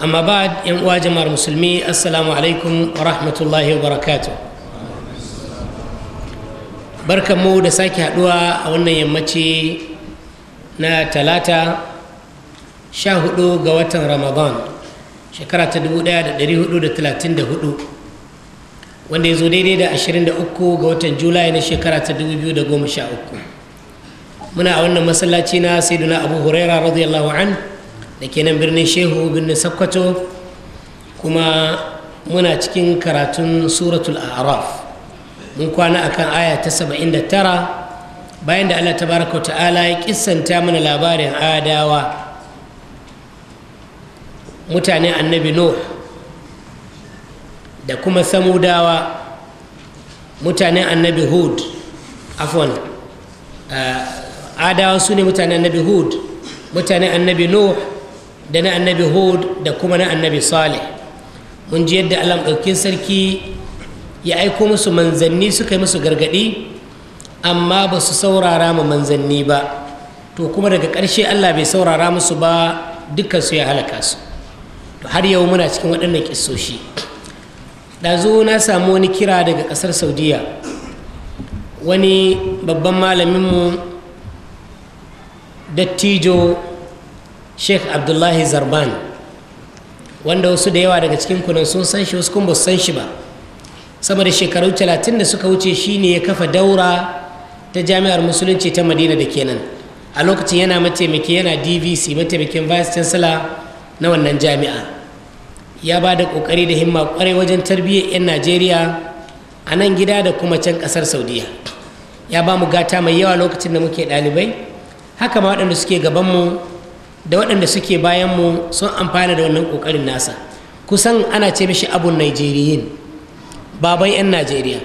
amma ba yan uwa jama'ar musulmi assalamu alaikum wa rahmatullahi wa barkanmu da sake haduwa a wannan yammaci na talata sha ga watan ramadan shekara ta 1434 wanda ya zo daidai da 23 ga watan julai na shekara ta 2013 muna a wannan masallaci na saiduna abu huraira radiyallahu anhu da kenan nan birnin shehu birnin sakkwato kuma muna cikin karatun suratul araf mun kwana akan aya ta saba'in da tara bayan da allah tabaraka wa ta'ala ya kissanta mana labarin adawa mutane annabi nuh da kuma samudawa mutanen annabi hud afon uh, adawa su ne mutanen annabi hud mutanen annabi nuh da na annabi hud da kuma na annabi salih mun ji yadda allah ɗaukin sarki ya aiko musu manzanni suka yi musu gargaɗi amma ba su saurara ma manzanni ba to kuma daga ƙarshe allah bai saurara musu ba su ya halaka su to har yau muna cikin waɗannan ƙisoshi ɗazu na samu wani kira daga ƙasar saudiya wani babban malaminmu dattijo sheikh abdullahi zarban wanda wasu da yawa daga cikin kunan sun san shi wasu kuma san shi ba sama da shekaru talatin da suka wuce shine ya kafa daura ta jami'ar musulunci ta madina da kenan a lokacin yana mataimaki yana dvc mataimakin vice chancellor na wannan jami'a ya ba da kokari da himma kwarai wajen tarbiyyar 'yan najeriya a nan gida da kuma can kasar saudiya ya ba mu gata mai yawa lokacin da muke ɗalibai haka ma waɗanda suke gaban mu. da waɗanda suke bayan mu sun amfana da wannan ƙoƙarin nasa kusan ana ce mishi abun Najeriyin baban 'yan Najeriya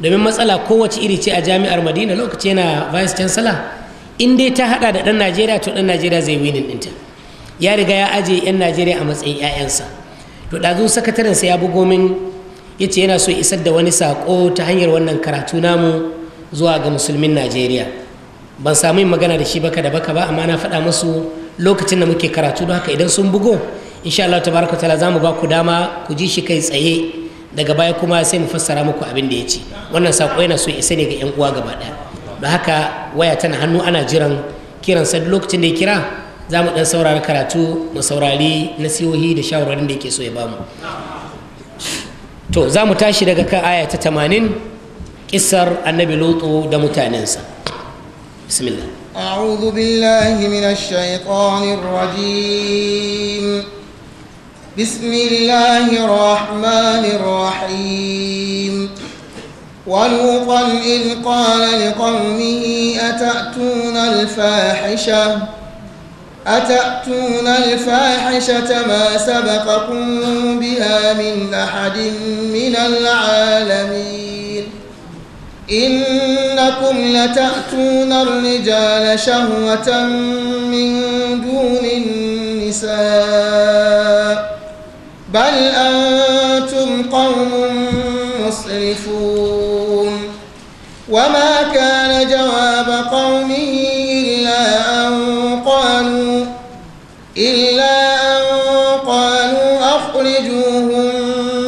domin matsala kowace iri ce a jami'ar Madina lokaci yana vice chancellor in dai ta haɗa da ɗan Najeriya to ɗan Najeriya zai winin ɗinta ya riga ya aje 'yan Najeriya a matsayin 'ya'yansa to ɗazu sakatarinsa ya bugo min ya ce yana so isar da wani saƙo ta hanyar wannan karatu namu zuwa ga musulmin najeriya ban samu yin magana da shi baka da baka ba amma na faɗa musu lokacin da muke karatu don haka idan sun bugo insha Allah tabaraka taala za mu ba ku dama ku ji shi kai tsaye daga baya kuma sai mu fassara muku abin da ya ce wannan sako yana so isa ne ga yan uwa gaba daya don haka waya tana hannu ana jiran kiran sa lokacin da ya kira za mu ɗan saurari karatu mu saurari nasihohi da shawarwarin da yake so ya bamu to za mu tashi daga kan aya ta 80 kisar annabi lutu da mutanensa bismillah أعوذ بالله من الشيطان الرجيم بسم الله الرحمن الرحيم ولوطا إذ قال لقومه أتأتون الفاحشة أتأتون الفاحشة ما سبقكم بها من أحد من العالمين إن إنكم لتأتون الرجال شهوة من دون النساء بل أنتم قوم مسرفون وما كان جواب قومه إلا أن قالوا إلا أن قالوا أخرجوهم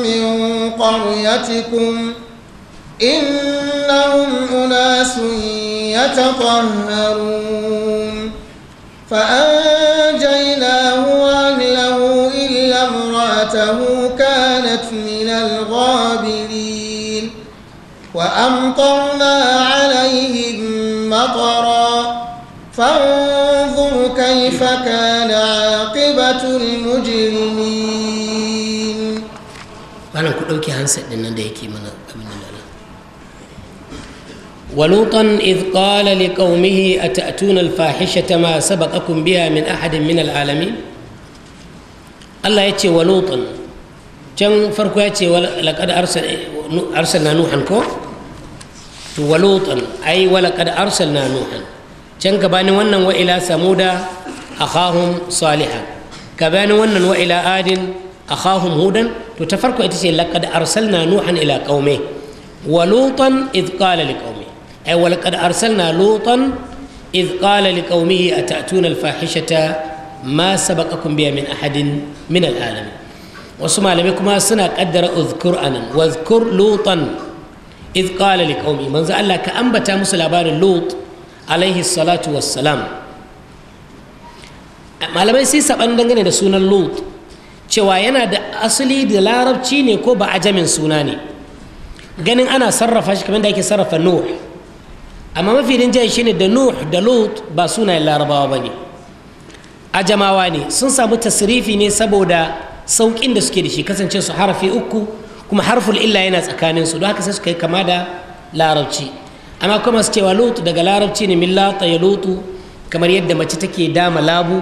من قريتكم إن معهم أناس يتطهرون فأنجيناه وأهله إلا امرأته كانت من الغابرين وأمطرنا عليهم مطرا فانظر كيف كان عاقبة المجرمين ولوطا إذ قال لقومه أتأتون الفاحشة ما سبقكم بها من أحد من العالمين الله يتي ولوطا كم فرق يتي ولقد أرسل أرسلنا نوحا كو ولوطا أي ولقد أرسلنا نوحا كم كبان ونن وإلى ثمود أخاهم صالحا كبان ونن وإلى آد أخاهم هودا تتفرق يتي لقد أرسلنا نوحا إلى قومه ولوطا إذ قال لقومه أي ولقد أرسلنا لوطا إذ قال لقومه أتأتون الفاحشة ما سبقكم بها من أحد من العالم وسمع لكم سنة قدر أذكر أنا واذكر لوطا إذ قال لقومه من زال لك أنبت موسى لابار لوط عليه الصلاة والسلام malamai sai saban dangane da sunan lut cewa yana da asali da larabci ne ko ba ajamin suna ne ganin ana sarrafa shi kamar da ake sarrafa nuh amma mafi rinjaye ne da nuh da lut ba sunayen larabawa ba ne ajamawa ne sun samu tasrifi ne saboda sauƙin da suke da shi kasance su harafi uku kuma harful illa yana tsakanin su don haka sai suka yi kama da larabci amma kuma su cewa lut daga larabci ne millata ya lutu kamar yadda mace take dama labu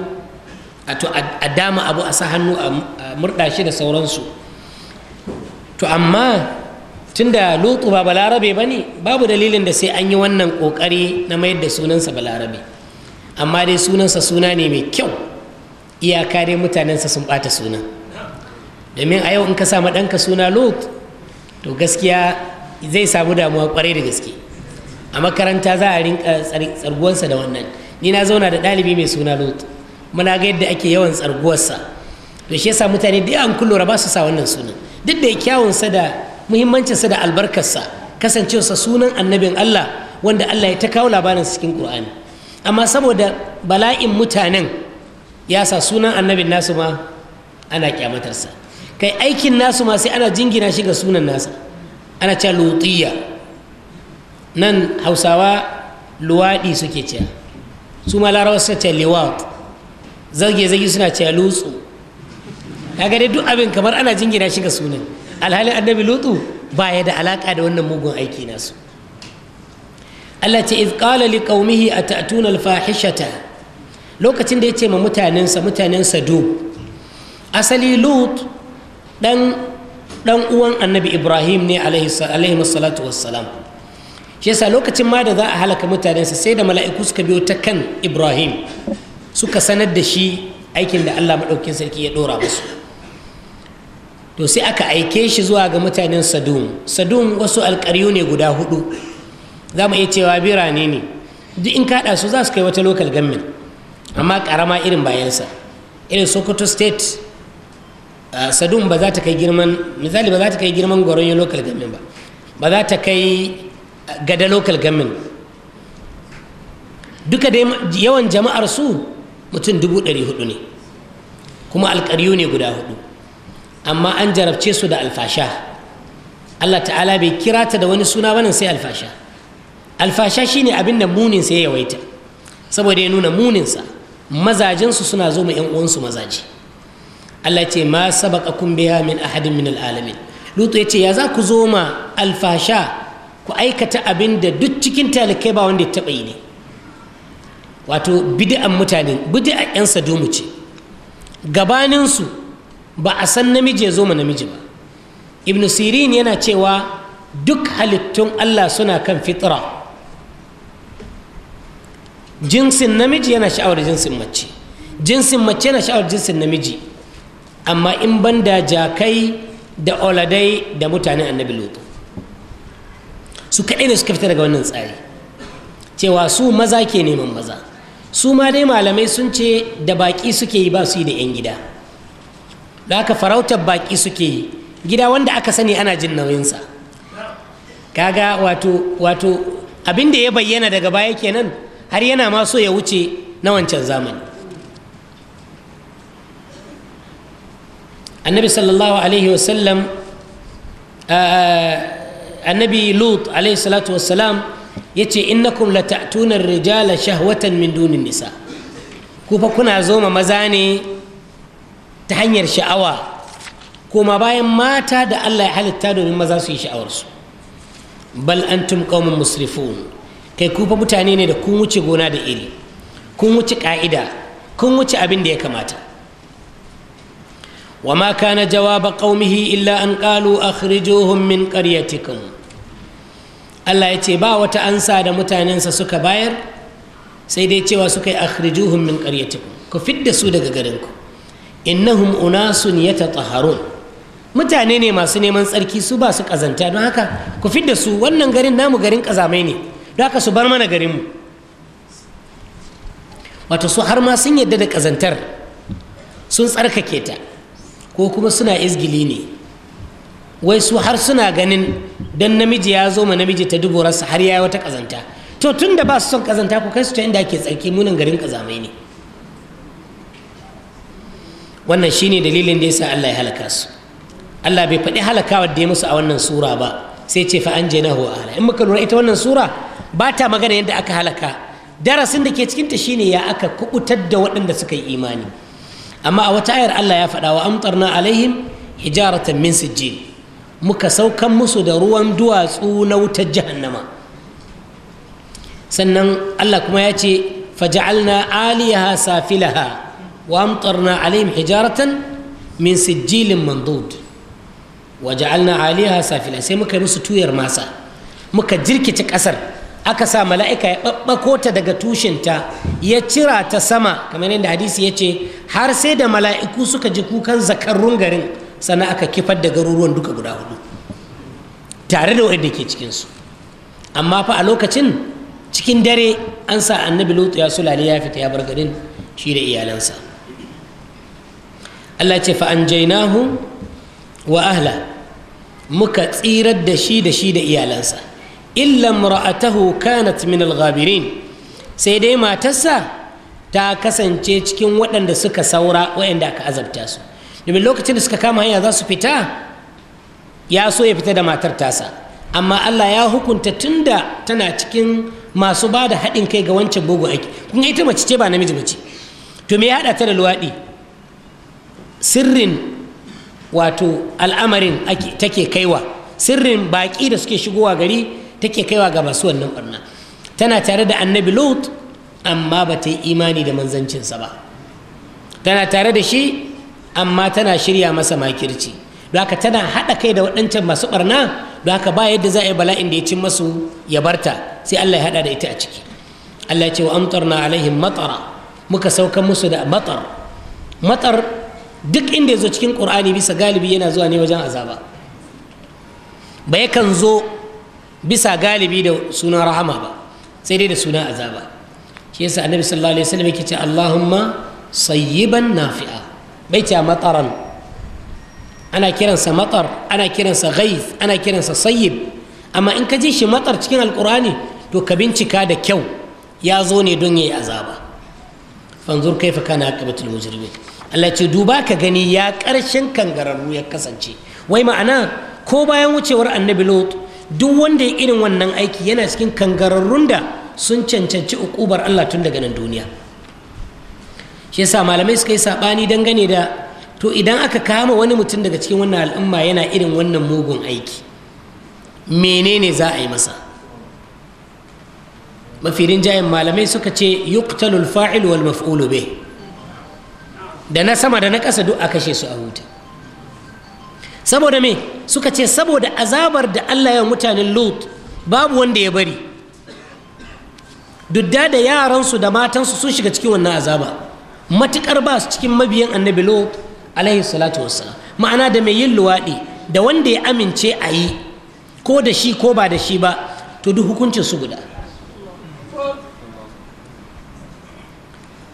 a dama abu a sa hannu a murɗa shi da sauransu to amma tunda lutu ba balarabe ba ne babu dalilin da sai an yi wannan kokari na mayar da sunansa balarabe amma dai sunansa suna ne mai kyau iyaka dai mutanensa sun bata suna domin a yau in ka samu ɗanka suna lut to gaskiya zai samu damuwa kwarai da gaske a makaranta za a rinka tsarguwarsa da wannan ni na zauna da ɗalibi mai suna lut muna ga yadda ake yawan tsarguwarsa to shi yasa mutane da yawan kullura ba su sa wannan sunan duk da kyawunsa da muhimmancinsa da albarkarsa kasancewarsa sunan annabin Allah wanda Allah ya ta kawo labarin cikin Qur'ani amma saboda bala'in mutanen ya sa sunan annabin nasu ma ana kyamatarsa kai aikin nasu ma sai ana jingina shi ga sunan nasa ana cewa lutiya nan hausawa luwaɗi suke cewa su ma larawa suka ce lewat zage-zage suna cewa lutsu ya dai duk abin kamar ana jingina shi ga sunan alhalin annabi lutu ba ya da alaka da wannan mugun aiki nasu Allah ce iz qala li qaumihi atatuna al-fahishata lokacin da yace ma mutanensa mutanen do asali Lut dan dan uwan Annabi Ibrahim ne alaihi alaihi salatu wassalam shi yasa lokacin ma da za a halaka mutanensa sai da mala'iku suka biyo ta kan Ibrahim suka sanar da shi aikin da Allah madaukin sarki ya dora musu to sai aka aike shi zuwa ga mutanen sadum sadum wasu alƙaryu ne guda hudu za mu iya cewa birane ne duk in kaɗa su za su kai wata local government amma ƙarama irin bayansa irin sokoto state sadum ba za ta kai girman misali ba za ta kai girman goronyo local government ba ba za ta kai gada local government duka dai yawan jama'ar su mutum dubu ɗari hudu ne kuma alƙaryu ne guda hudu amma an jarabce su da alfasha Allah ta'ala bai kira ta da wani suna wannan sai alfasha alfasha shine abin da munin ya yawaita saboda ya nuna muninsa. sa suna zo ma yan uwansu su mazaji Allah ce ma kun biya min ahadin min alalamin lutu yace ya za ku zo ma alfasha ku aikata abin da duk cikin talikai ba wanda ya taɓa yi ne wato bid'an mutane bid'an yan sadomu ce gabaninsu ba a san namiji ya zo ma namiji ba ibn sirin yana cewa duk halittun allah suna kan fitra jinsin namiji yana sha'awar jinsin mace jinsin mace yana sha'awar jinsin namiji amma in ban da jakai da oladai da mutanen annabi lutu su kaɗai ne suka fita daga wannan tsari cewa su maza ke neman maza su ma dai malamai sun ce da baƙi suke yi ba su yi da 'yan gida da haka farautar baƙi suke yi gida wanda aka sani ana jin nauyinsa kaga wato wato abin da ya bayyana daga baya kenan har yana ma so ya wuce na wancan zamani annabi sallallahu alaihi wasallam annabi lut alaihi salatu wasalam ya ce innakum la ta'tuna rijala shahwatan min dunin nisa ku fa kuna zoma maza ne ta hanyar sha'awa koma bayan mata da allah ya halitta domin maza su yi sha'awarsu bal tum qaumun musrifun kai ku mutane ne da kun wuce gona da iri kun wuce ƙa'ida kun wuce abin da ya kamata wa ma kana jawaba qaumihi illa an qalu akhrijuhum min qaryatikum Allah ya ce ba wata ansa da mutanensa suka bayar sai dai cewa suka yi akhrijuhum min qaryatikum ku fidda su daga garinku innahum unasun yataṭahharun mutane ne masu neman tsarki su ba su kazanta don haka ku da su wannan garin namu garin kazamai ne don haka su bar mana garin mu wato su har ma sun yadda da kazantar sun tsarkake ta ko kuma suna izgili ne wai su har suna ganin dan namiji ya zo ma namiji ta duborarsa har ya wata kazanta to tun da ba su son kazanta ku kai su ta inda ake tsarki munin garin kazamai ne wannan shine dalilin da yasa Allah ya halaka su Allah bai faɗi halakawar da ya musu a wannan sura ba sai ce fa anjaynahu ala in muka lura ita wannan sura ba ta magana yadda aka halaka darasin da ke cikinta shine ya aka kubutar da waɗanda suka yi imani amma a wata ayar Allah ya faɗa wa amtarna alaihim hijaratan min sijjin muka saukan musu da ruwan duwatsu na wutar jahannama sannan Allah kuma ya ce faja'alna aliyaha safilaha وأمطرنا عليهم حجارة من سجيل منضود وجعلنا عليها سافلا sai muka yi musu tuyar masa muka jirkice ƙasar aka sa mala'ika ya ɓaɓɓako ta daga tushinta ya cira ta sama kamar yadda hadisi ya ce har sai da mala'iku suka ji kukan zakarrun garin sannan aka kifar da garuruwan duka guda hudu tare da waɗanda ke cikinsu amma fa a lokacin cikin dare an sa annabi lutu ya sulale ya fita ya bar garin shi da iyalansa Allah ce fa anjaynahu wa ahla muka tsirar da shi da shi da iyalansa illa muratahu kanat min al-ghabirin sai dai matarsa ta kasance cikin waɗanda suka saura waɗanda aka azabta su domin lokacin da suka kama hanya za su fita ya so ya fita da matar tasa amma Allah ya hukunta tunda tana cikin masu ba da haɗin kai ga wancan bugu aiki kun ita mace ce ba namiji mace to me ya haɗa ta da luwaɗi sirrin wato al'amarin take kaiwa sirrin baƙi da suke shigowa gari take kaiwa ga masu wannan barna tana tare da annabi lut amma ba ta yi imani da manzancinsa ba tana tare da shi amma tana shirya masa makirci don haka tana haɗa kai da waɗancan masu barna don haka ba yadda za a yi bala'in da ya cin masu ya barta sai allah ya haɗa da ita a ciki allah ya ce wa amtarna alaihim matara muka saukan musu da matar matar duk inda ya zo cikin ƙur'ani bisa galibi yana zuwa ne wajen azaba ba yakan zo bisa galibi da sunan rahama ba sai dai da sunan azaba shi yasa annabi sallallahu alaihi wasallam yake ce Allahumma sayyiban nafi'a bai ce mataran ana kiransa matar ana kiransa ghaith ana kiransa sayyib amma in ka ji shi matar cikin alkur'ani to ka bincika da kyau ya zo ne don yayi azaba fanzur kaifa kana aqibatul mujrimin Allah ce duba ka gani ya karshen kangararru ya kasance wai ma'ana ko bayan wucewar annabi lot duk wanda ya irin wannan aiki yana cikin kangararrun da sun cancanci ukubar Allah tun daga nan duniya shi yasa malamai suka yi sabani dangane da to idan aka kama wani mutum daga cikin wannan al'umma yana irin wannan mugun aiki menene za a yi masa mafi rinjayen malamai suka ce yuqtalul fa'il wal maf'ulu bih da na sama da na ƙasa duk a kashe su a huta saboda me suka ce saboda azabar da Allah ya mutanen Lut babu wanda ya bari dudda da yaransu da matansu sun shiga cikin wannan azaba matukar ba su cikin mabiyan annabi Lut alaihi salatu wassalam ma'ana da mai yin luwaɗi da wanda ya amince a yi ko da shi ko ba da shi ba to duk hukuncin su guda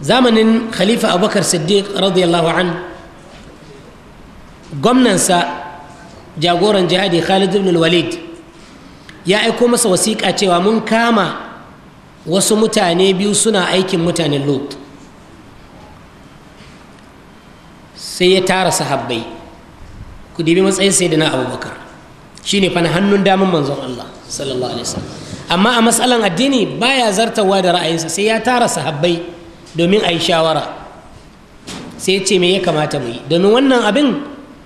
zamanin khalifa abubakar siddiq radiyallahu an gwamnansa jagoran jihadi khalid ibn walid ya aiko masa wasiƙa cewa mun kama wasu mutane biyu suna aikin mutanen lot sai ya tara sahabbai ku dibi matsayin sai da na abubakar shi ne fana hannun damun manzon Allah sallallahu alaihi wasallam amma a matsalan addini baya zartawa da ra'ayinsa sai ya tara sahabbai domin a yi shawara sai ce me ya kamata mu yi domin wannan abin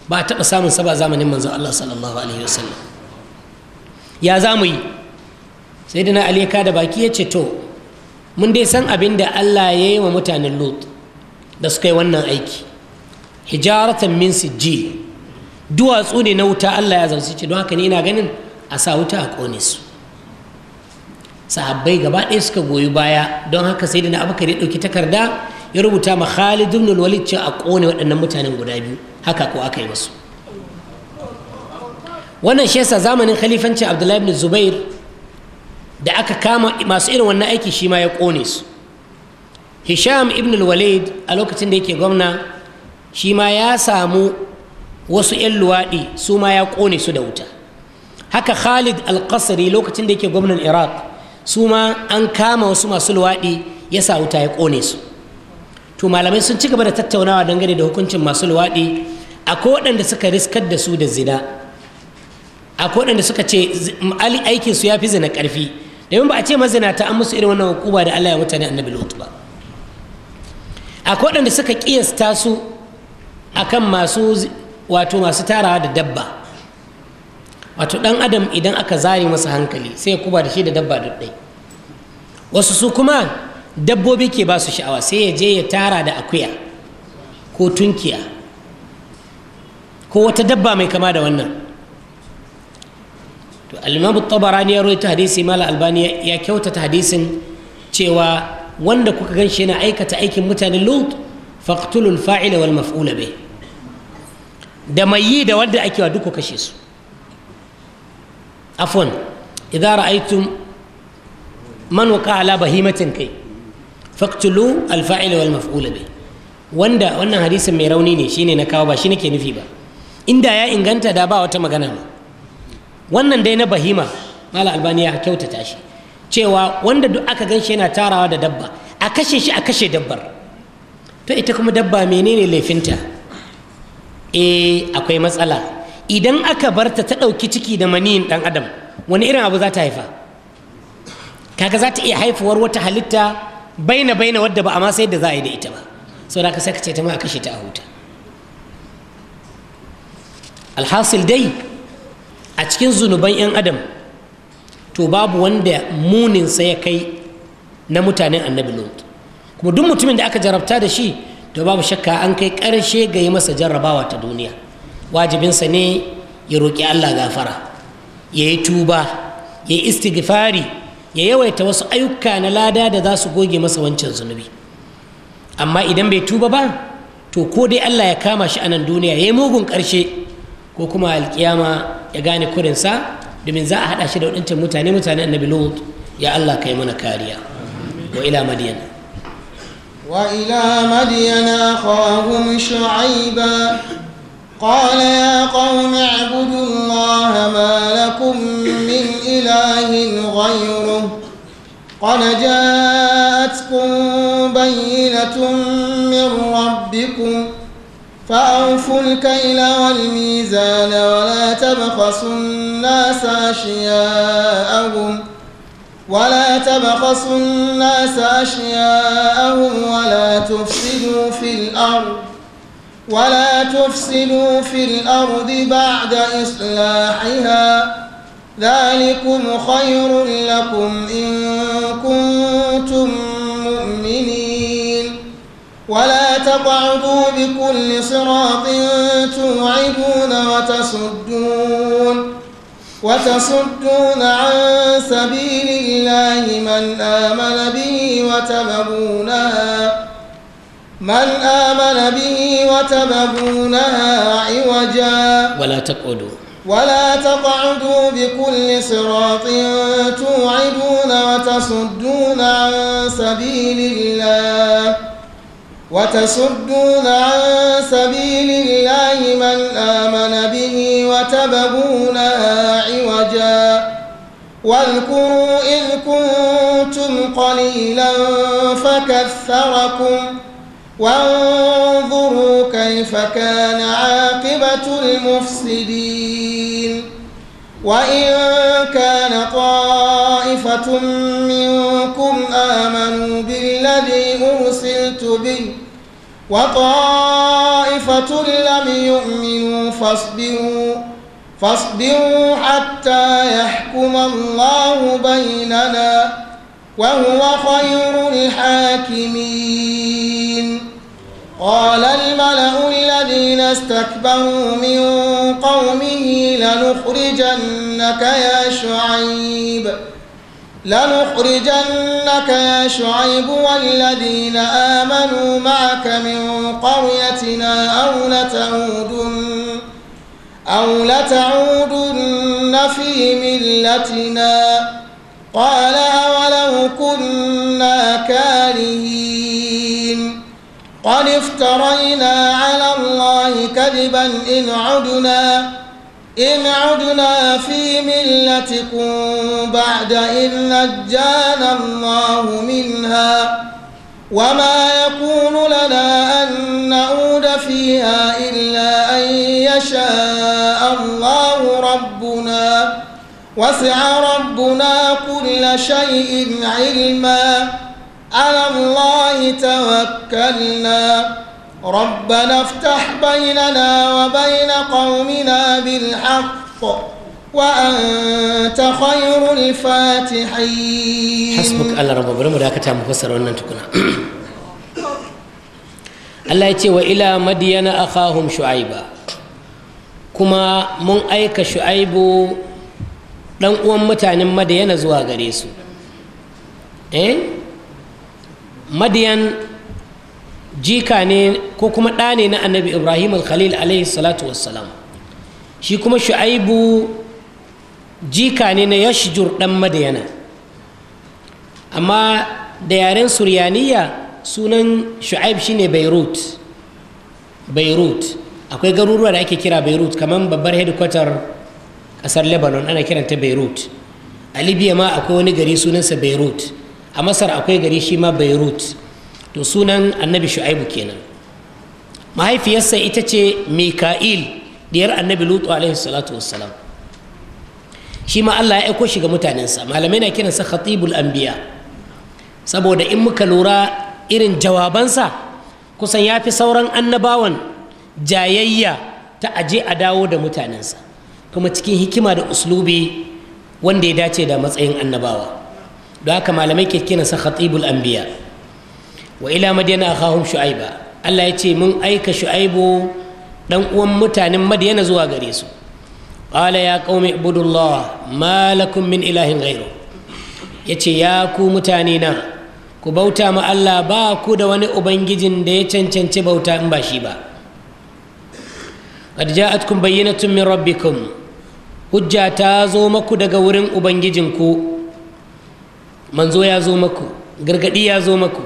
ba a taɓa samun saba zamanin manzo Allah sallallahu alaihi wasallam ya za mu yi sai dana ali ka da baki ya ce to mun dai san abin da Allah ya yi wa mutanen lut da suka yi wannan aiki hijaratan min sijji duwatsu ne na wuta Allah ya zarce ce don haka ne ina ganin a sa wuta a kone su sahabbai gaba ɗaya suka goyi baya don haka sai na abubakar ya ɗauki takarda ya rubuta ma khalid ibn walid cewa a ƙone waɗannan mutanen guda biyu haka ko aka yi masu wannan shi yasa zamanin khalifancin abdullahi ibn zubair da aka kama masu irin wannan aiki shi ma ya ƙone su hisham ibn walid a lokacin da yake gwamna shi ma ya samu wasu 'yan luwaɗi su ma ya ƙone su da wuta haka khalid al lokacin da yake gwamnan iraq su ma an kama wasu masu luwaɗi ya sa wuta ya ƙone su to malamai sun ci gaba da tattaunawa dangane da hukuncin masu luwaɗi akwai waɗanda suka riskar da su da zina akwai waɗanda suka ce aikin su ya fi zina ƙarfi domin ba a ce ta an musu irin wannan hukuma da Allah ya mutane annabi lutu ba akwai waɗanda suka ƙiyasta su akan masu wato masu tarawa da dabba wato dan adam idan aka zare masa hankali sai ya kuba da shi da dabba duddai wasu su kuma dabbobi ke ba su sha'awa sai ya je ya tara da akuya ko tunkiya ko wata dabba mai kama da wannan to al-imamu tabarani ya ta hadisi mala albani ya kyautata hadisin cewa wanda kuka gan shi yana aikata aikin mutanen lut faqtulul fa'ila wal maf'ula bih da mai yi da wanda ake wa duk kashe su عفوا إذا رأيتم من وقع على بهيمة كي فاقتلوا الفاعل والمفعول به wanda wannan hadisin mai rauni ne shine na kawo ba shi ke nufi ba inda ya inganta da ba wata magana ba. wannan dai na bahima mala albani ya kyautata shi cewa wanda duk aka gan shi yana tarawa da dabba a kashe shi a kashe dabbar to ita kuma dabba menene laifinta eh akwai matsala idan aka barta ta ɗauki ciki da maniyin ɗan adam wani irin abu za ta haifa kaga za ta iya haifuwar wata halitta baina baina wadda ba a masa sai da za a yi da ita ba sau da ka sai ka ce ta ma a kashe ta a huta alhasil dai a cikin zunuban 'yan adam to babu wanda muninsa ya kai na mutanen annabi lot kuma duk mutumin da aka jarabta da shi to babu shakka an kai ƙarshe ga yi masa jarrabawa ta duniya wajibinsa ne ya roƙi allah gafara ya yi tuba ya yi istighfari ya yawaita wasu ayyuka na lada da za su goge masa wancan zunubi amma idan bai tuba ba to ko dai allah ya kama shi a nan duniya ya yi mugun ƙarshe ko kuma alƙiyama ya gane kurinsa domin za a haɗa shi da waɗancan mutane mutane annabi lut ya allah kai mana kariya wa ila madiyana وإلى مدين أخاهم شعيبا قال يا قوم اعبدوا الله ما لكم من إله غيره قد جاءتكم بينة من ربكم فأوفوا الكيل والميزان ولا تبخسوا الناس أشياءهم ولا تبخسوا الناس أشياءهم ولا تفسدوا في الأرض ولا تفسدوا في الأرض بعد إصلاحها ذلكم خير لكم إن كنتم مؤمنين ولا تقعدوا بكل صراط توعدون وتصدون وتصدون عن سبيل الله من آمن به وتبغونها من آمن به وتبغونها عوجا ولا تقعدوا ولا تقعدوا بكل صراط توعدون وتصدون عن سبيل الله وتصدون عن سبيل الله من آمن به وتبغونها عوجا واذكروا إذ كنتم قليلا فكثركم وانظروا كيف كان عاقبة المفسدين وإن كان طائفة منكم آمنوا بالذي أرسلت به وطائفة لم يؤمنوا فاصبروا فاصبروا حتى يحكم الله بيننا وهو خير الحاكمين قال الملأ الذين استكبروا من قومه لنخرجنك يا شعيب لنخرجنك يا شعيب والذين آمنوا معك من قريتنا أو لتعودن أو لتعودن في ملتنا قال أولو كنا كارهين قد افترينا على الله كذبا إن عدنا إن عدنا في ملتكم بعد إذ نجانا الله منها وما يكون لنا أن نعود فيها إلا أن يشاء الله ربنا وسع ربنا كل شيء علماً على الله توكلنا ربنا افتح بيننا وبين قومنا بالحق وأنت خير الفاتحين حسبك الله رب برمو داكتا مفسر wannan tukuna Allah ce wa ila madiyana akhahum shu'aiba kuma mun aika shu'aibu dan uwan mutanen madiyana zuwa gare su madiyan jika ne ko kuma ɗa ne na annabi ibrahim al-khalil alayhi salatu wassalam shi kuma shu'aibu jika ne na yashjur ɗan madiyana amma da yaren suryaniya sunan shu'aib shine beirut beirut akwai garuruwa da ake kira beirut kamar babbar hedikwatar ƙasar lebanon ana kiranta beirut a libya ma akwai wani gari sunansa beirut a masar akwai gari shi ma beirut to sunan annabi shu'aibu kenan mahaifiyarsa ita ce mika'il diyar annabi lutu alaihi salatu wassalam shi ma allah ya aiko shi ga mutanensa malamai na kiransa khatibul anbiya saboda in muka lura irin jawabansa kusan ya fi sauran annabawan jayayya ta aje a dawo da mutanensa kuma cikin hikima da uslubi wanda ya dace da matsayin annabawa don haka malamai ke kinansa khatibul anbiya wa ila madiyana akhahum shu'aiba Allah ya ce mun aika shu'aibu dan uwan mutanen madyana zuwa gare su qala ya qaumi ibudullah ma lakum min ilahin ghairu yace ya ku mutane na ku bauta ma Allah ba ku da wani ubangijin da ya cancanci bauta in ba shi ba qad ja'atkum bayyinatun min rabbikum hujja ta zo maku daga wurin ubangijinku manzo ya zo maku gargadi ya zo maku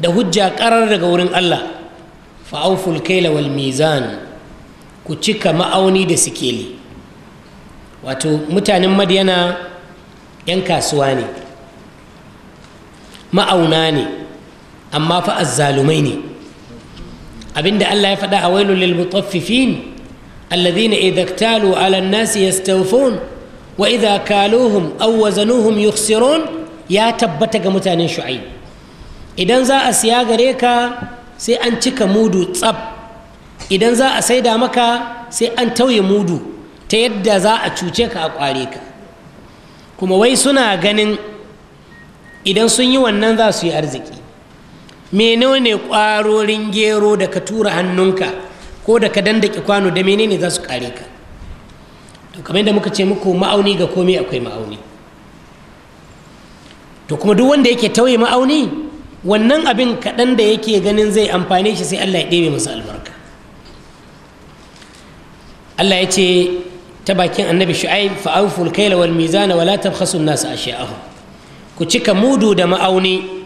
da hujja karar daga wurin Allah fa'auful kaila wal mizan ku cika ma'auni da sikeli wato mutanen madiyana 'yan kasuwa ne ma'auna ne amma fa azzalumai ne abinda Allah ya faɗa a wailul lil mutaffifin alladhina idza iktalu ala an-nasi yastawfun wa idza kaluhum aw wazanuhum yukhsirun ya tabbata ga mutanen shu'ai idan za a siya gare ka sai an cika mudu tsab idan za a saida maka sai an tauye mudu ta yadda za a cuce ka a kware ka kuma wai suna ganin idan sun yi wannan za su yi arziki menene kwarorin gero da ka tura hannunka ko da ka dandake kwano da menene za su kare ka to kamar yadda muka ce muku ma'auni ga komai akwai ma'auni to kuma duk wanda yake tauye ma'auni wannan abin kaɗan da yake ganin zai amfane shi sai Allah ya ɗebe masa albarka Allah ya ce ta bakin annabi shu'aib fa wal mizana wala tabkhasu an-nas ashya'ahum ku cika mudu da ma'auni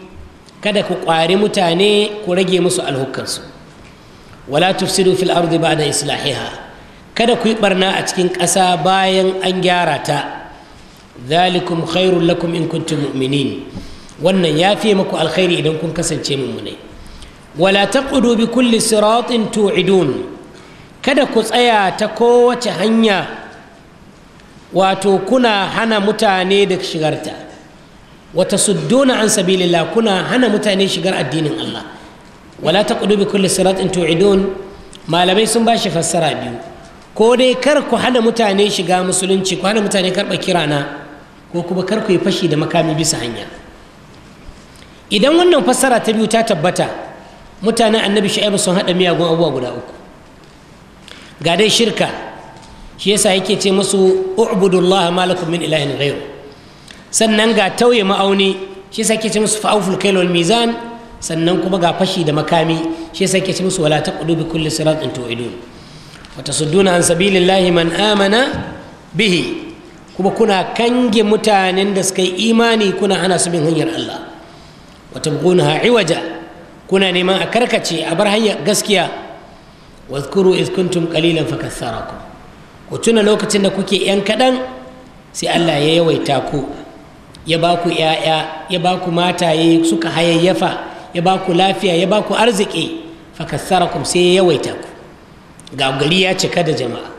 kada ku ƙwari mutane ku rage musu alhukansu wala tufsidu fil ardi ba'da islahiha kada ku yi barna a cikin ƙasa bayan an gyara ta zalikum khairul lakum in kuntum mu'minin wannan ya fi muku alkhairi idan kun kasance mummunai wala taqudu bi kulli siratin tu'idun kada ku tsaya ta kowace hanya wato kuna hana mutane da shigarta wata sudduna an sabilillah kuna hana mutane shigar addinin Allah wala taqudu bi kulli siratin tu'idun malamai sun bashi fassara biyu ko dai kar ku hana mutane shiga musulunci ku hana mutane karɓa kirana ko kuma kar ku yi fashi da makami bisa hanya idan wannan fassara ta biyu ta tabbata mutanen annabi shu'aibu sun haɗa miyagun abubuwa guda uku ga dai shirka shi yasa yake ce musu u'budullah ma min ilahin ghairu sannan ga tauye ma'auni shi yasa yake ce musu fa'awful kail mizan sannan kuma ga fashi da makami shi yasa yake ce musu wala taqdu bi kulli siratin tu'idun wa tasudduna an sabilillahi man amana bihi kuma kuna kange mutanen da suka yi imani kuna hana su bin hanyar Allah Wata wa tabghunaha waje kuna neman a karkace a bar hanyar gaskiya wazkuru iskuntun kalilan kuntum qalilan ku tuna lokacin da kuke yan kaɗan sai Allah ya yawaita ku ya ba ku ‘ya'ya ya ba ku mataye suka hayayyafa ya ba ku lafiya ya ba ku arziki ku sai ya yawaita ku ga gari ya cika da jama'a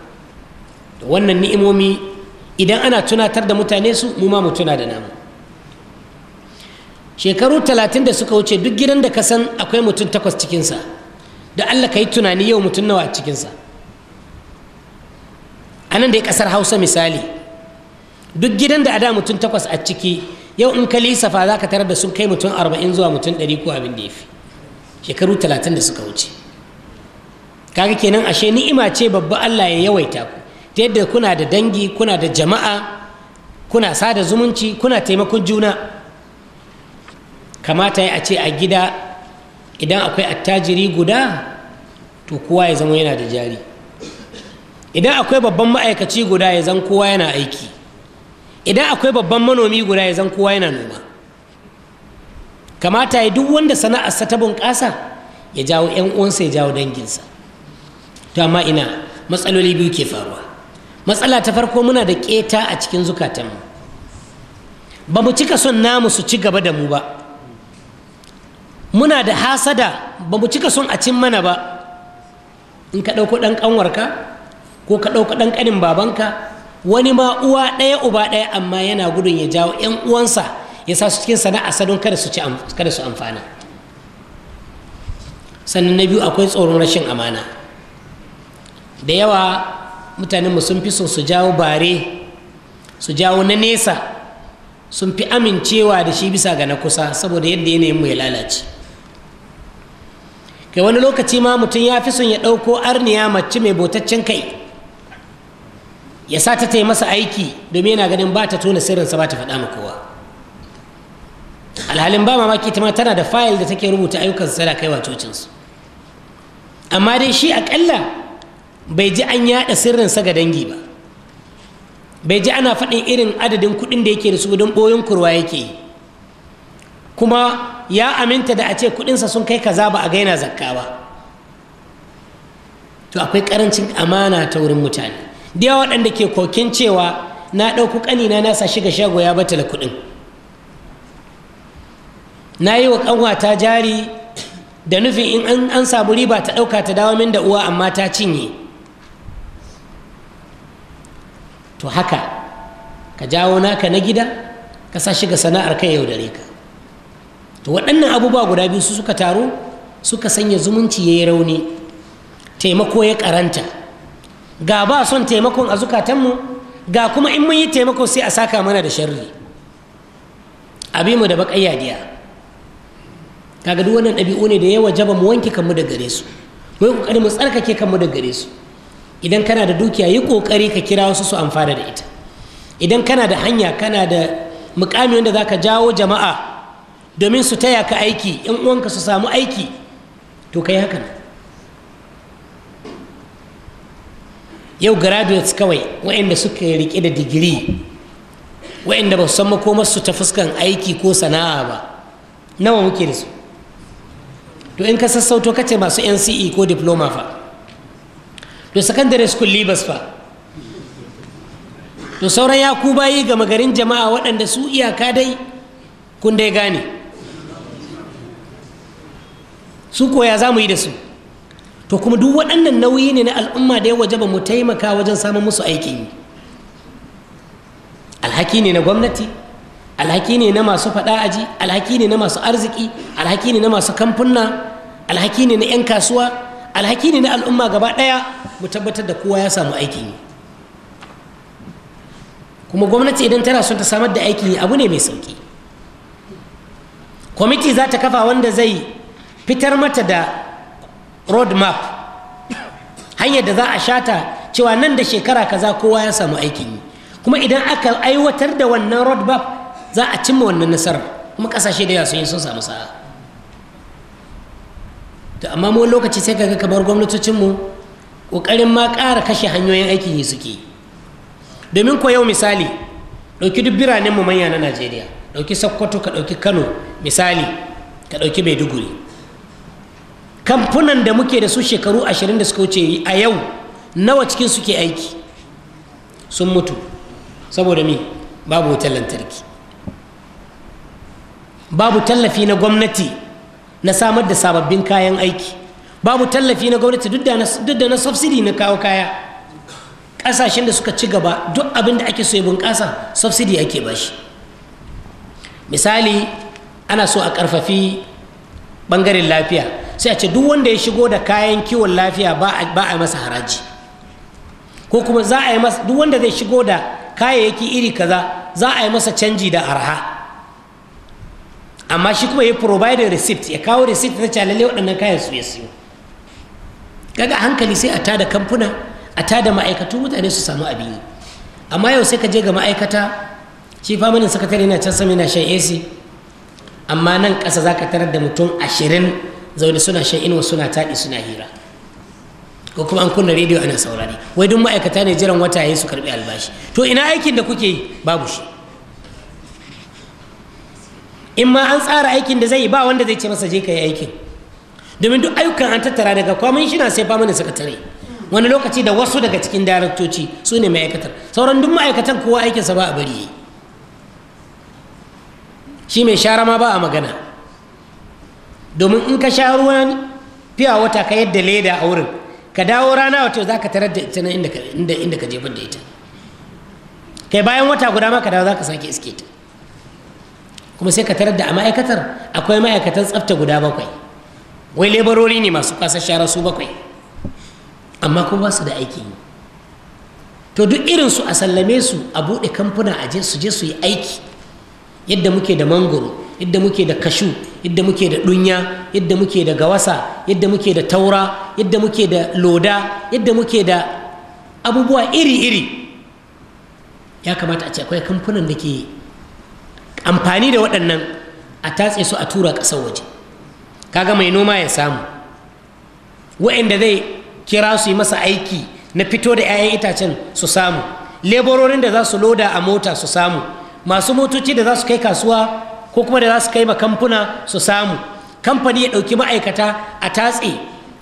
wannan ni'imomi idan ana tunatar da mutane su mu ma mu tuna da namu shekaru talatin da suka wuce duk gidan da ka san akwai mutum takwas cikinsa da allah ka yi tunani yau mutum nawa a cikinsa a nan da ya kasar hausa misali duk gidan da a da mutum takwas a ciki yau in ka lisafa za ka tarar da sun kai mutum arba'in zuwa mutum ɗari ko abin da ya fi shekaru talatin da suka wuce kaga kenan ashe ni'ima ce babba allah ya yawaita ku ta yadda kuna da dangi kuna da jama'a kuna sada zumunci kuna taimakon juna kamata ya ce a gida idan akwai attajiri guda to kowa ya zama yana da jari idan akwai babban ma'aikaci guda ya zan kowa yana aiki idan akwai babban manomi guda ya zan kowa yana noma kamata ya duk wanda sana'arsa ta bunƙasa ya jawo 'yan uwansa ya jawo danginsa to amma ina matsaloli biyu ke faruwa matsala ta farko muna da keta a cikin zukatanmu ba mu cika son namu su ci gaba da mu ba muna da hasada ba mu cika son a cin mana ba in ka ɗauko ɗan ƙanwarka ko ka ɗauko ɗan ƙanin babanka wani ma uwa ɗaya uba ɗaya amma yana gudun ya jawo 'yan uwansa ya sa su cikin sana'a sadon kada su kada su amfana sannan na biyu akwai tsoron rashin amana da yawa mutanenmu sun fi so su jawo bare su jawo na nesa sun fi amincewa da shi bisa ga na kusa saboda yadda yanayinmu ya lalace kai wani lokaci ma mutum ya fi son ya ɗauko arniya mace mai botaccen kai ya sa ta ta masa aiki domin yana ganin ba ta tona sirrinsa ba ta faɗa ma kowa alhalin ba mamaki ta ma tana da fayil da take rubuta ayyukan sadaka kai wa cocinsu amma dai shi aƙalla bai ji an yaɗa sirrinsa ga dangi ba bai ji ana faɗin irin adadin kuɗin da yake da su don ɓoyin kurwa yake yi kuma ya aminta da a ce kuɗinsa sun kai kaza ba a gaina zakka ba to akwai ƙarancin amana ta wurin mutane da waɗanda ke kokin cewa na ɗauku ƙanina na sa shiga shago ya batala kuɗin na yi wa ƙanwata jari da nufin in an samu riba ta ɗauka ta dawo min da uwa amma ta cinye to haka ka jawo naka na gida ka sa shiga sana'ar kai yau dare ka to waɗannan abubuwa guda biyu su suka taru suka sanya zumunci ya yi rauni taimako ya karanta ga ba son taimakon a zukatanmu ga kuma in mun yi taimako sai a saka mana da sharri abi mu da bakayya diya. kaga duk wannan ɗabi'u ne da yawa jaba mu wanke kanmu da gare su mu yi ƙoƙari mu tsarkake kanmu da gare su idan kana da dukiya yi kokari ka kira wasu su amfana da ita idan kana da hanya kana da mukami wanda ka jawo jama'a domin su taya ka aiki yan uwanka su samu aiki to kai hakan yau graduates kawai waɗanda suka rike da digiri waɗanda ba su san makomarsu ta fuskan aiki ko sana'a ba nawa muke da su to in ka sassauto kace masu nce ko diploma fa to secondary school libas fa to sauran ya ku bayi gama garin jama'a waɗanda su iyaka dai kun dai gane su koya za mu yi da su to kuma duk waɗannan nauyi ne na al'umma da ya waje ba mu taimaka wajen samun musu aikin yi alhaki ne na gwamnati alhaki ne na masu faɗa aji alhaki ne na masu arziki alhaki ne na masu kamfuna alhaki ne na 'yan kasuwa alhaki ne na al'umma gaba ɗaya mu tabbatar da kowa ya samu aikin yi kuma gwamnati idan tana son ta samar da aikin yi abu ne mai sauki kwamiti za ta kafa wanda zai fitar mata da road map hanyar da za a shata cewa nan da shekara kaza kowa ya samu aikin yi kuma idan aka aiwatar da wannan road map za a cimma wannan nasarar kuma kasashe da yasoyin sun sun samu sa'a to amma mu lokaci sai kaga kamar gwamnatocinmu ƙoƙarin ma ƙara kashe hanyoyin aikin yi suke domin ko yau misali ɗauki duk biranenmu manya na najeriya ɗauki sokoto ka ɗauki kano misali ka ɗauki maiduguri kamfunan da muke da su shekaru ashirin da suka wuce a yau nawa cikin suke aiki sun mutu saboda me babu wutar lantarki babu tallafi na gwamnati na samar da sababbin kayan aiki babu tallafi na gwamnati duk da na subsidy na kawo kaya ƙasashen da suka ci gaba duk abin da ake so ya bunƙasa subsidy ake ba shi. misali ana so a ƙarfafi ɓangaren lafiya sai a ce duk wanda ya shigo da kayan kiwon lafiya ba a masa haraji ko kuma za a yi masa duk wanda zai shigo da kayayyaki iri kaza za a yi masa canji da arha amma shi kuma ya provide receipt ya kawo receipt na cewa lalle waɗannan kayan su ya siyo kaga hankali sai a tada kamfuna a tada ma'aikatu mutane su samu abin yi amma yau sai ka je ga ma'aikata shi famanin sakatare na can sama yana shan AC amma nan ƙasa za ka tarar da mutum ashirin zaune suna shan inuwa suna taɗi suna hira ko kuma an kunna rediyo ana saurari wai duk ma'aikata ne jiran wata ya yi su karɓi albashi to ina aikin da kuke yi babu shi in ma an tsara aikin da zai yi ba wanda zai ce masa je ka yi aikin domin duk ayyukan an tattara daga kwamin shi na sai mana sakatare wani lokaci da wasu daga cikin daraktoci su ne ma'aikatar sauran duk ma'aikatan kowa aikinsa ba a bari shi mai shara ma ba a magana domin in ka sha ruwan fiya wata ka yadda leda a wurin ka dawo rana wato za ka tarar da ita inda ka jefar da ita kai bayan wata guda ma ka dawo za ka sake iske ta kuma sai ka tarar da a ma'aikatar akwai ma'aikatan tsafta guda bakwai wai lebarori ne masu kwasa shara su bakwai amma kuma ba su da aiki yi to duk irin su a sallame su a buɗe kamfuna a je su je su yi aiki yadda muke da mangoro yadda muke da kashu yadda muke da dunya yadda muke da gawasa yadda muke da taura yadda muke da loda yadda muke da abubuwa iri-iri ya kamata a ce akwai kamfunan da ke amfani da waɗannan a tatse su a tura ƙasar waje kaga mai noma ya samu wa'inda zai kira su yi masa aiki na fito da 'ya'yan itacen su samu leburorin da za su loda a mota su samu masu motoci da za su kai kasuwa ko kuma da za su kai ma kamfuna su samu kamfani ya ɗauki ma'aikata a tatse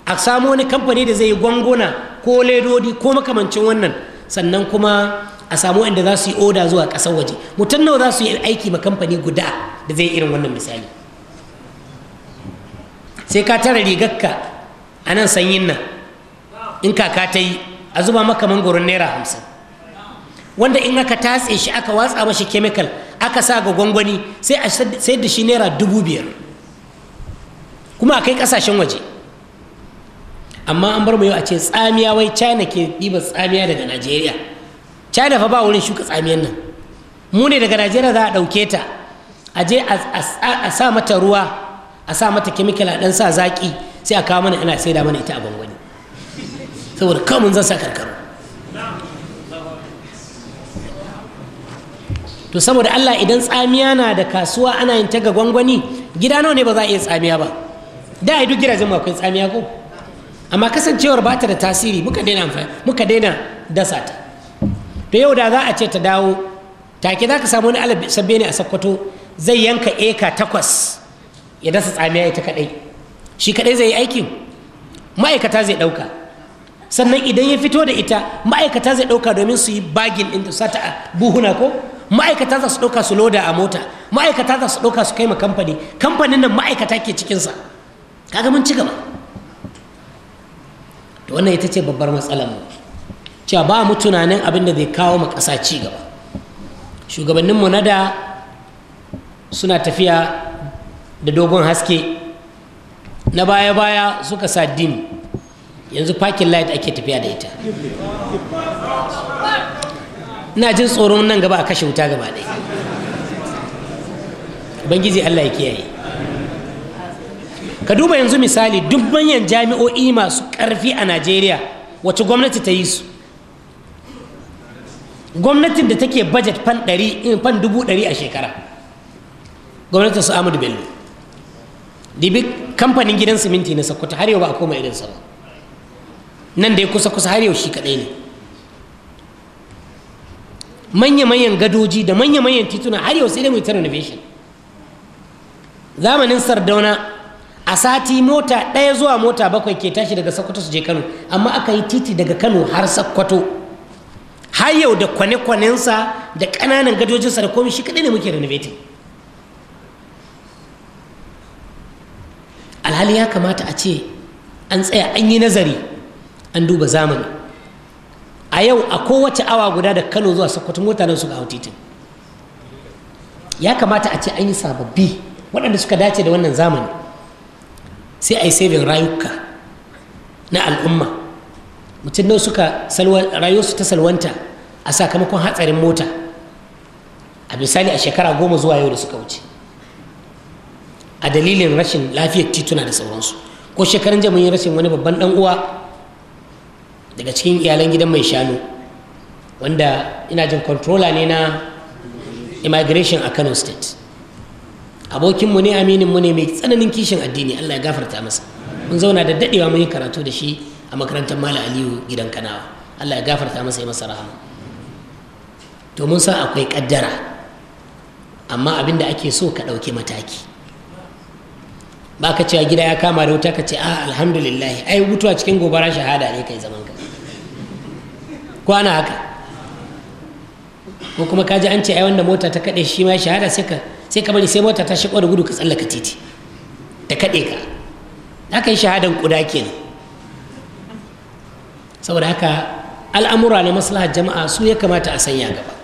a samu wani kamfani da zai yi gwangona ko ledodi ko makamancin wannan sannan kuma a samu inda za su yi oda zuwa ƙasar waje mutum nawa za su yi aiki ma kamfani guda da zai irin wannan misali sai ka tara rigarka a nan sanyin nan in kaka ta yi a zuba maka mangoron naira hamsin wanda in aka tatse shi aka watsa mashi kemikal aka sa ga gwangwani sai a sayar da shi naira dubu biyar kuma a kai kasashen waje amma an bar mu yau a ce tsamiya wai china ke ɗiba tsamiya daga najeriya china fa ba wurin shuka tsamiyan nan mu ne daga najeriya za a ɗauke ta a je a sa mata ruwa a sa mata kemikal a ɗan sa zaki sai a kawo mana ana saida mana ita a bangwani saboda mun zan sa karkaro to saboda allah idan tsamiya na da kasuwa ana yin ta ga gwangwani gida nawa ne ba za a iya tsamiya ba da a duk gidajen akwai tsamiya ko amma kasancewar ba ta da tasiri muka daina amfani muka daina dasa ta to yau da za a ce ta dawo take za ka samu wani alabi sabbe ne a sakkwato zai yanka eka takwas ya dasa tsamiya ita kaɗai. shi kaɗai zai yi aikin ma'aikata zai dauka sannan idan ya fito da ita ma'aikata zai ɗauka domin su yi bagin ɗin su ta buhuna ko ma'aikata za su dauka su loda a mota ma'aikata za su dauka su kai ma kamfani kamfanin nan ma'aikata ke cikinsa kaga mun ci gaba to wannan ita ce babbar matsalar mu cewa ba mu tunanin abin da zai kawo mu ƙasa ci gaba shugabanninmu na da suna tafiya da dogon haske na baya-baya suka sa din yanzu parking light ake tafiya da ita ina jin tsoron nan gaba a kashe wuta gaba ɗaya ubangiji allah ya kiyaye ka duba yanzu misali duk manyan jami'o'i masu ƙarfi a najeriya wacce gwamnati ta yi su gwamnatin da take budget fan ɗari eh, fan dubu ɗari a shekara gwamnatin su amadu bello dibi kamfanin gidan siminti na sakkwata har yau ba a koma irin sa ba nan da ya kusa kusa har yau shi kaɗai ne manya-manyan gadoji da manya-manyan tituna har yau sai dai mu ta renovation zamanin sardauna a sati mota ɗaya zuwa mota bakwai ke tashi daga sakkwato su je kano amma aka yi titi daga kano har sakkwato har yau da kwane-kwanensa da ƙananan gadojinsa da komai shi kaɗai ne muke renovating alhali ya kamata a ce an tsaya an yi nazari an duba zamani a yau a kowace awa guda da kano zuwa sokoto mutanen su ga titin ya kamata a ce an yi sababbi waɗanda suka dace da wannan zamani sai a yi saving rayuka na al'umma mutum nawa suka rayuwarsu ta salwanta a sakamakon hatsarin mota a misali a shekara goma zuwa yau da suka wuce a dalilin rashin lafiyar tituna da sauransu ko shekarun jami'in rashin wani babban dan uwa daga cikin iyalan gidan mai shanu wanda ina jin controller ne na immigration a kano state abokinmu ne mu ne mai tsananin kishin addini allah ya gafarta masa mun zauna da daɗewa mun yi karatu da shi a makarantar mala Aliyu gidan Kanawa Allah ya gafarta masa ya masa rahama to mun san akwai kaddara amma abinda ake so ka ɗauki mataki ba ka cewa gida ya kama da wuta ka ce a ah, alhamdulillah ai mutuwa cikin gobara shahada ne kai zaman ka kwana haka ko kuma ka ji an ce ai wanda mota ta kaɗe shi ma shahada sai ka sai ka bari sai mota ta shigo da gudu ka tsallaka titi ta kaɗe ka haka yi shahadan kuda kenan saboda haka al'amura na maslahar jama'a su ya kamata a sanya gaba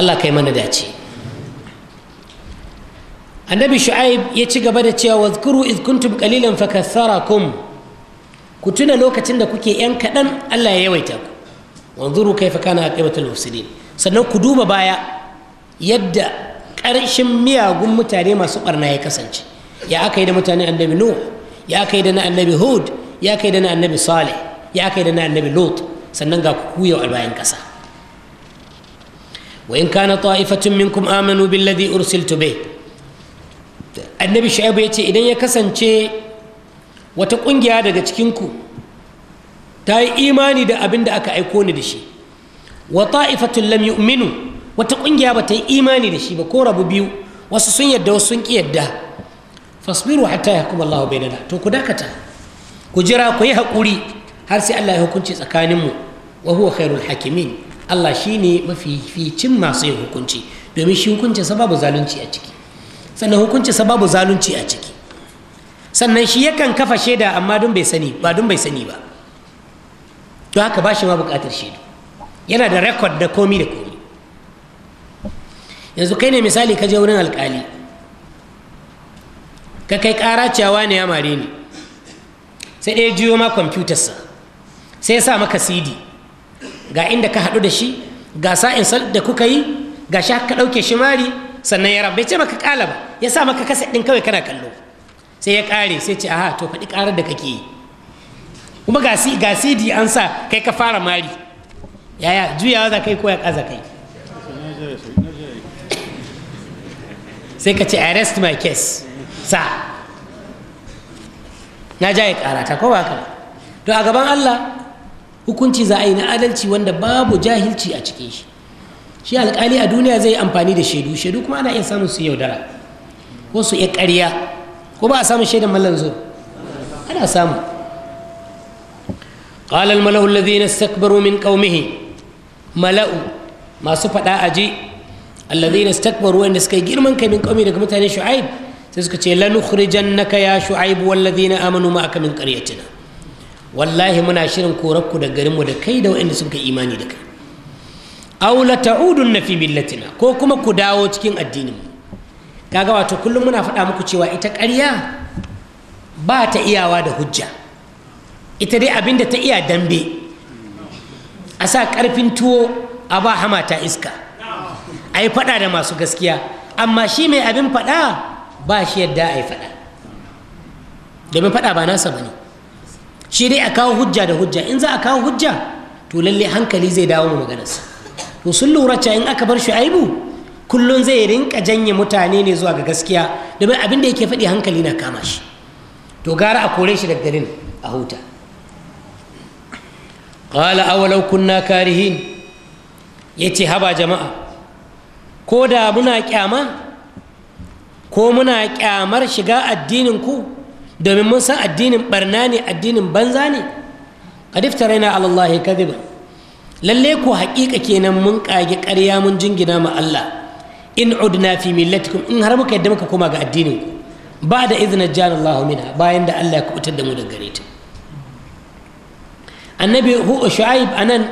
Allah kai mana dace annabi shu'aib ya ci gaba da cewa wazkuru iz kuntum qalilan fakatharakum ku tuna lokacin da kuke yan kaɗan Allah ya yawaita ku wanzuru kaifa kana aqibatul mufsidin sannan ku duba baya yadda ƙarshen miyagun mutane masu barna ya kasance ya aka yi da mutane annabi nuh ya aka yi da na annabi hud ya kai da na annabi salih ya kai da na annabi lot sannan ga ku yau a bayan ƙasa wa in kana ta'ifatun minkum amanu billadhi ursiltu bih annabi shu'aib ya ce idan ya kasance wata kungiya daga cikin ku ta yi imani da abin da aka aiko ni da shi wa ta'ifatun lam yu'minu wata kungiya ba ta yi imani da shi ba ko rabu biyu wasu sun yadda wasu sun ki yadda fasbiru hatta yahkum Allahu bainana to ku dakata ku jira ku yi haƙuri har sai Allah ya hukunci tsakaninmu wa huwa khairul hakimin Allah shine mafificin masu yin hukunci domin shi hukunci sababu zalunci a ciki sannan hukunci sababu zalunci a ciki sannan shi yakan kafa shaida amma dun bai sani ba dun bai sani ba To haka ba shi ma buƙatar shaidu yana da rekod da komi da komi yanzu kai ne misali ka je wurin alƙali ka kai ƙara cewa ne ya mare ni sai ɗaya jiyo ma kwamfutarsa sai ya sa maka cd ga inda ka haɗu da shi ga sa'in da kuka yi ga shi ka ɗauke shi mari sannan ya rabu ce maka ƙala ba ya sa maka kasa ɗin kawai kana kallo sai ya kare sai ce aha to faɗi ƙarar da kake yi kuma ga cd an sa kai ka fara mari yaya juyawa za kai ko ya ƙaza kai sai ka ce arrest my case sa ya ja ya karata ko ba to a gaban Allah hukunci za a yi na adalci wanda babu jahilci a cikin shi shi alkali a duniya zai yi amfani da shaidu shaidu kuma ana iya samun su yaudara ko su iya ƙarya ko ba a samun shaidan mallan zo ana samu قال الملأ الذين استكبروا من قومه ملأ ما سفدا أجي الذين استكبروا أن سكي جرمان min قومي daga mutane Shu'aib. sai suka ce ka ya shu'aibu na amanu aka min qaryatina wallahi muna shirin ku da garinmu da kai da waɗanda suka imani da kai aw la na fi millatina ko kuma ku dawo cikin addinin mu kaga wato kullum muna faɗa muku cewa ita karya. ba ta iyawa da hujja ita dai abin da ta iya dambe a sa ƙarfin tuwo a ba hama ta iska a yi faɗa da masu gaskiya amma shi mai abin faɗa ba shi yadda a yi faɗa domin faɗa ba nasa ba ne shi dai a kawo hujja da hujja in za a kawo hujja to lalle hankali zai dawo mu maganarsa to sun lura cewa in aka bar shi aibu kullum zai rinka janye mutane ne zuwa ga gaskiya domin abin da yake faɗi hankali na kama shi to gara a kore shi daga garin a huta qala awalau kunna karihin yace haba jama'a ko da muna kyama ko muna kyamar shiga addinin ku domin mun san addinin barna ne addinin banza ne kadifta raina alallahi kadiba lalle ku haƙiƙa kenan mun ƙage ƙarya mun jingina ma Allah in udna fi millatikum in har muka yadda muka koma ga addinin ku ba da izinin jan Allah mina bayan da Allah ya kubutar da mu daga gare ta annabi hu shu'aib anan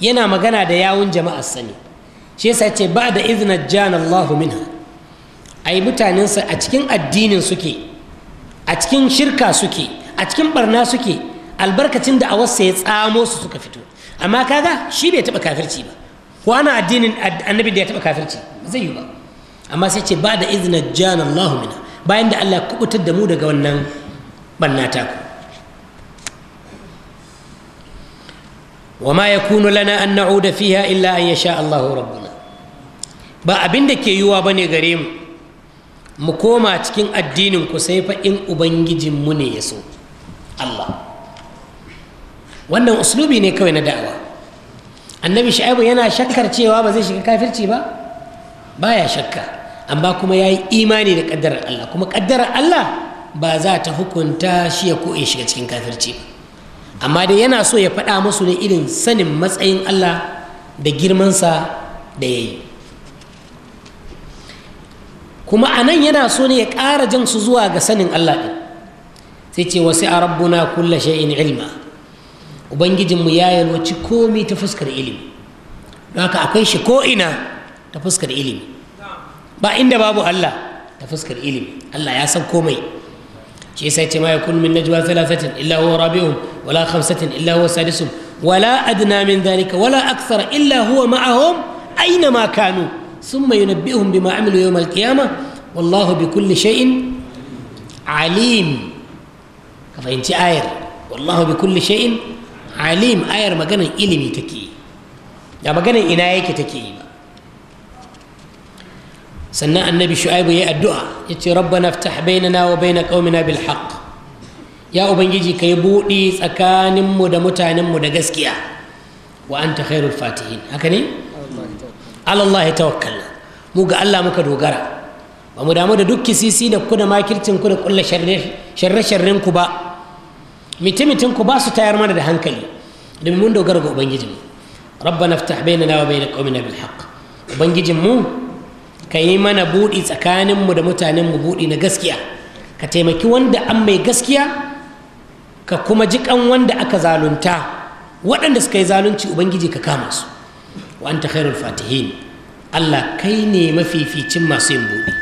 yana magana da yawun jama'ar sani shi yasa ce ba da izinin jan Allah minha ai mutanensa a cikin addinin suke a cikin shirka suke a cikin barna suke albarkacin da awarsa ya tsamo su suka fito amma kaga shi bai taba kafirci ba ko ana addinin annabi da ya taba kafirci zai yi ba amma sai ce ba da izinin jana Allah mina bayan da Allah kubutar da mu daga wannan banna lana wama yakunu lana an na'uda fiha illa an yasha الله rabbuna ba abinda ke yiwuwa bane ne gare mu mu koma cikin addinin ku sai fa in ubangijinmu ne ya so Allah wannan uslubi ne kawai na da'awa annabi sha'ibu yana shakkar cewa ba zai shiga kafirci ba baya shakka amma kuma ya yi imani da ƙaddarar Allah kuma ƙaddarar Allah ba za ta hukunta shi ya ko ya shiga cikin kafirci amma dai yana so ya faɗa musu ne irin sanin matsayin Allah da girmansa da ya yi kuma a nan yana so ne ya ƙara jan su zuwa ga sanin Allah ɗin sai ce wasu a rabbuna kulla sha'in ilma ubangijinmu ya yalwaci komi ta fuskar ilimi don haka akwai shi ko'ina ta fuskar ilimi ba inda babu Allah ta fuskar ilimi Allah ya san komai shi yasa ce ma yakun min najwa thalathatin illa huwa rabi'uhum wala khamsatin illa huwa sadisuhum wala adna min dhalika wala akthara illa huwa ma'ahum aina ma kanu ثم ينبئهم بما عملوا يوم القيامة والله بكل شيء عليم كفا انت آير والله بكل شيء عليم آير مجانا إلمي تكي يا مجانا إنايك تكي سنة النبي شعيب يا الدعاء يتي ربنا افتح بيننا وبين قومنا بالحق يا أبنجي كيبودي سكان مدى متى مدى وأنت خير الفاتحين هكذا Allah ya tawakkalna mu ga Allah muka dogara ba mu damu da duk kisisi da ku da makircin ku da kulla sharre sharren ku ba mitimitin ku ba su tayar mana da hankali domin mun dogara ga ubangiji mu naftah iftah na wa bainal qaumina bil haqq ubangijin mu ka yi mana budi tsakanin mu da mutanen mu na gaskiya ka taimaki wanda an mai gaskiya ka kuma jikan wanda aka zalunta waɗanda suka yi zalunci ubangiji ka kama su wa anta khairul fatihin Allah kai ne mafificin masu yin buɗe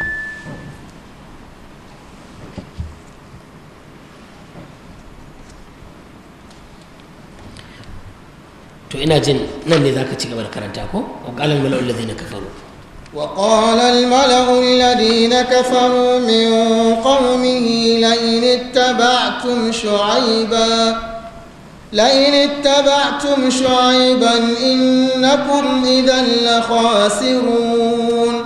to ina jin nan ne zaka ci gaba da karanta ko wa qala al mala'u alladhina kafaru wa qala al mala'u alladhina kafaru min qawmihi la in ittaba'tum shu'aiban لئن اتبعتم شعيبا إنكم إذا لخاسرون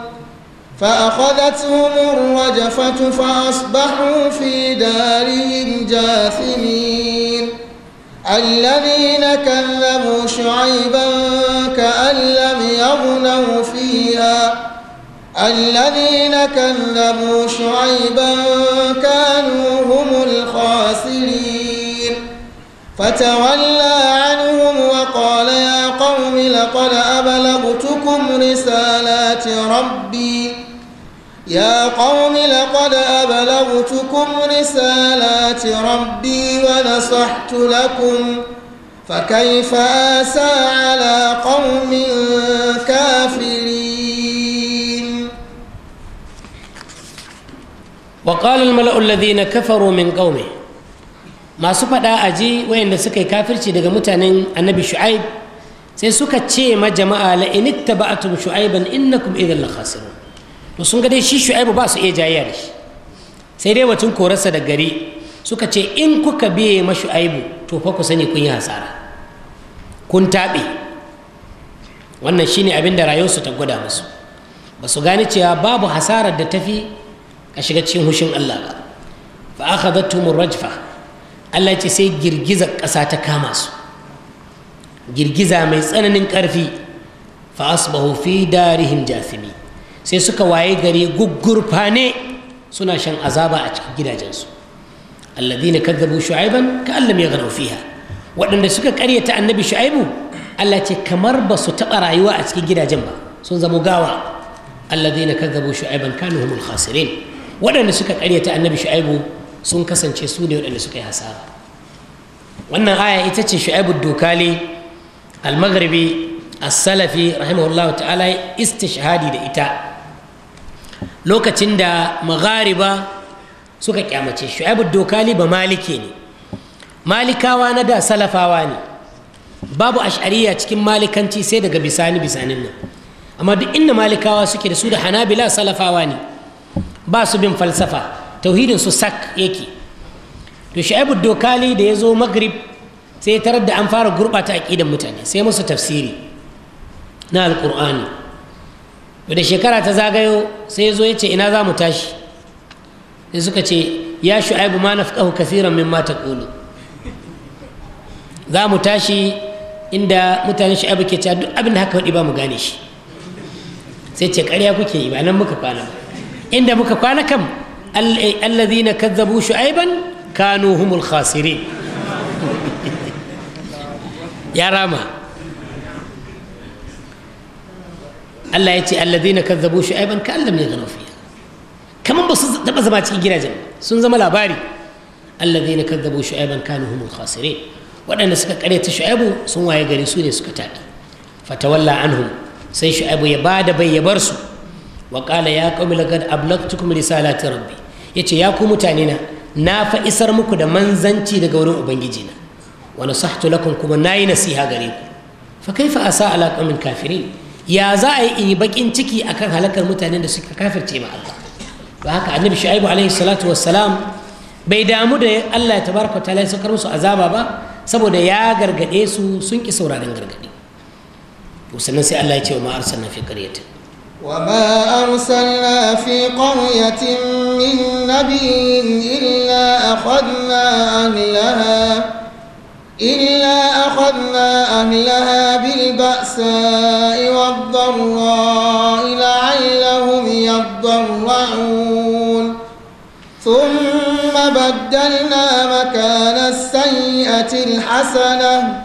فأخذتهم الرجفة فأصبحوا في دارهم جاثمين الذين كذبوا شعيبا كأن لم يغنوا فيها الذين كذبوا شعيبا كانوا هم الخاسرين فتولى عنهم وقال يا قوم لقد أبلغتكم رسالات ربي يا قوم لقد أبلغتكم رسالات ربي ونصحت لكم فكيف آسى على قوم كافرين وقال الملأ الذين كفروا من قومه masu faɗa a ji wayanda suka yi kafirci daga mutanen annabi shu'aib sai suka ce ma jama'a la in ittaba'tum shu'aiban innakum idhal khasirun to sun ga dai shi shu'aibu ba su iya jayya da shi sai dai wacin korarsa da gari suka ce in kuka biye ma shu'aibu to fa ku sani kun yi hasara kun taɓe wannan shine abin da rayuwarsu ta gwada musu ba su gane cewa babu hasarar da tafi a shiga cikin hushin Allah ba fa akhadathum rajfa Allah ce sai girgizar ƙasa ta kama su girgiza mai tsananin ƙarfi fa asbahu fi darihim jasimi sai suka waye gari ne. suna shan azaba a cikin gidajensu alladhina kadzabu shu'aiban ka'an lam yaghnaw fiha waɗanda suka ƙaryata annabi shu'aibu Allah ce kamar ba su taɓa rayuwa a cikin gidajen ba sun zama gawa alladhina kadzabu shu'aiban kanu humul khasirin waɗanda suka ƙaryata annabi shu'aibu sun kasance su ne waɗanda suka yi hasara wannan aya ita ce Shu'aibu dokali al as-salafi rahimahullahu ta'ala istishhadi da ita lokacin da maghariba suka kyamace Shu'aibu dokali ba malike ne malikawa na da salafawa ne babu ash'ariya cikin malikanci sai daga bisani bisanin nan amma duk inda malikawa suke da su da hanabila salafawa ne ba su bin falsafa tauhidin su sak yake to sha'ibu dokali da ya zo maghrib sai tarar da an fara gurɓata aƙidan mutane sai musu tafsiri na alƙur'ani da shekara ta zagayo sai ya zo ya ce ina za mu tashi sai suka ce ya shu'aibu ma nafqahu min mimma taqulu za mu tashi inda mutanen shu'aibu ke cewa duk abin da haka faɗi ba mu gane shi sai ce ƙarya kuke yi ba nan muka kwana inda muka kwana kam الذين كذبوا شعيبا كانوا هم الخاسرين يا راما الله يتي الذين كذبوا شعيبا كأن لم يغنوا فيها كمان بس تبقى زما cikin gidajen sun zama labari الذين كذبوا شعيبا كانوا هم الخاسرين waɗanda suka ta shu'aibu sun waye gari su ne suka taɗi fatawalla anhum sai shu'aibu ya da bai ya bar su wa qala ya qaumi rabbi ya ce ya ku mutane na na fa isar muku da manzanci daga wurin ubangiji na wani nasahtu lakum kuma yi nasiha gare ku fa kaifa asa ala qaumin kafirin ya za a yi in yi bakin ciki akan halakar mutanen da suka kafirce ma Allah ba haka annabi shu'aibu alaihi salatu wassalam bai damu da Allah ya tabaraka ta ya saukar musu azaba ba saboda ya gargade su sun ki sauraron gargadi to sannan sai Allah ya ce wa ma na fi qaryatin وما أرسلنا في قرية من نبي إلا أخذنا أهلها إلا أخذنا أهلها بالبأساء والضراء لعلهم يضرعون ثم بدلنا مكان السيئة الحسنة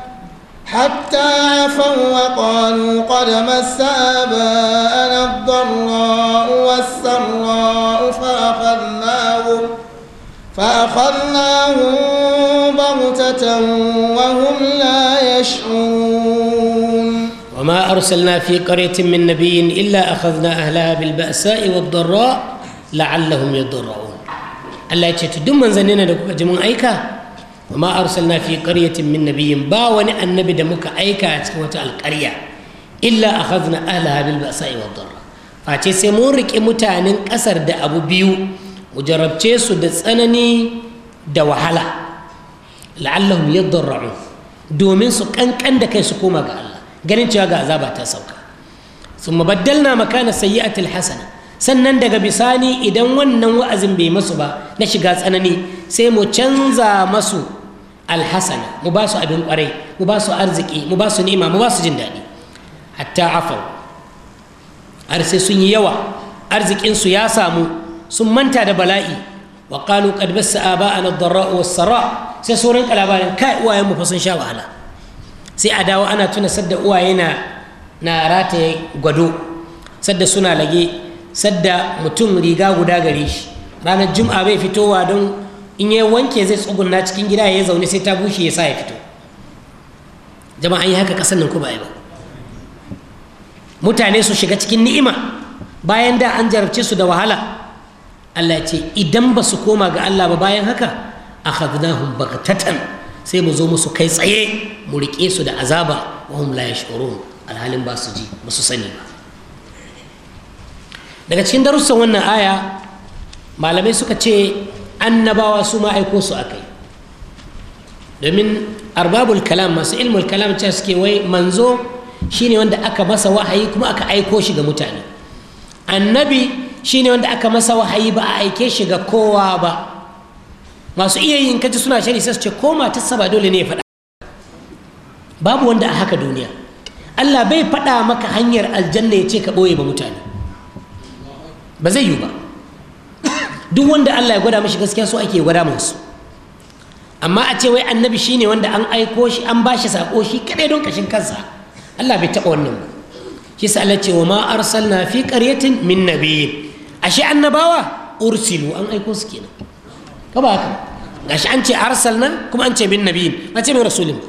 حتى عفوا وقالوا قد مس آباءنا الضراء والسراء فأخذناهم فأخذناهم بغتة وهم لا يشعرون وما أرسلنا في قرية من نبي إلا أخذنا أهلها بالبأساء والضراء لعلهم يضرعون الله من زنينا لكم جمع أيكا ma arsalna fi qaryatin min nabiyyin ba wani annabi da muka aika a cikin wata alƙarya illa akhadna ahla bil ba'sa'i wad darra face sai mun rike mutanen ƙasar da abu biyu mu jarabce su da tsanani da wahala la'allahum yadarra'un domin su kankan da kai su koma ga Allah ganin cewa ga azaba ta sauka summa baddalna makana sayyi'atil hasana sannan daga bisani idan wannan wa'azin bai masu ba na shiga tsanani sai mu canza masu alhasana mu ba su abin kwarai mu ba su arziki mu ba su ni'ima mu ba su jin daɗi hatta afau har sai sun yi yawa arzikinsu ya samu sun manta da bala'i wa qalu qad bassa aba'ana ad-dharra was sara sai sauran labarin kai uwayen mu fa sun sha wahala sai a dawo ana tuna sadda uwaye na na rataye gwado sadda suna lage sadda mutum riga guda gare shi ranar juma'a bai fitowa don in ya wanke zai tsugunna cikin gida ya zaune sai ta bushe ya sa ya fito jama'a yi haka kasan nan ku ba ba mutane su shiga cikin ni'ima bayan da an jarabce su da wahala Allah ce idan ba su koma ga Allah ba bayan haka akhadnahum baghtatan sai mu zo musu kai tsaye mu rike su da azaba wa hum la yashurun alhalin ba su ji ba su sani ba daga cikin darussan wannan aya malamai suka ce annabawa su ma aiko su kai domin arbabul kalam masu ilmul kalam ce suke wai manzo shine wanda aka masa wahayi kuma aka aiko shi ga mutane annabi shine wanda aka masa wahayi ba a aike shi ga kowa ba masu iya yin kaji suna shari sai su ce ko matarsa ba dole ne ya faɗa babu wanda a haka duniya Allah bai faɗa maka hanyar aljanna ya ce ka ɓoye ba mutane ba zai yiwu ba duk wanda Allah ya gwada mashi gaskiya so ake gwada musu amma a ce wai annabi shi ne wanda an aiko shi an bashi sako shi kadai don ƙashin kansa Allah bai taɓa wannan ba shi sa Allah ce wa ma arsalna fi qaryatin min nabiy ashe annabawa ursilu an aiko su kenan ka ba haka gashi an ce arsalna kuma an ce min nabiy ba ce min rasulin ba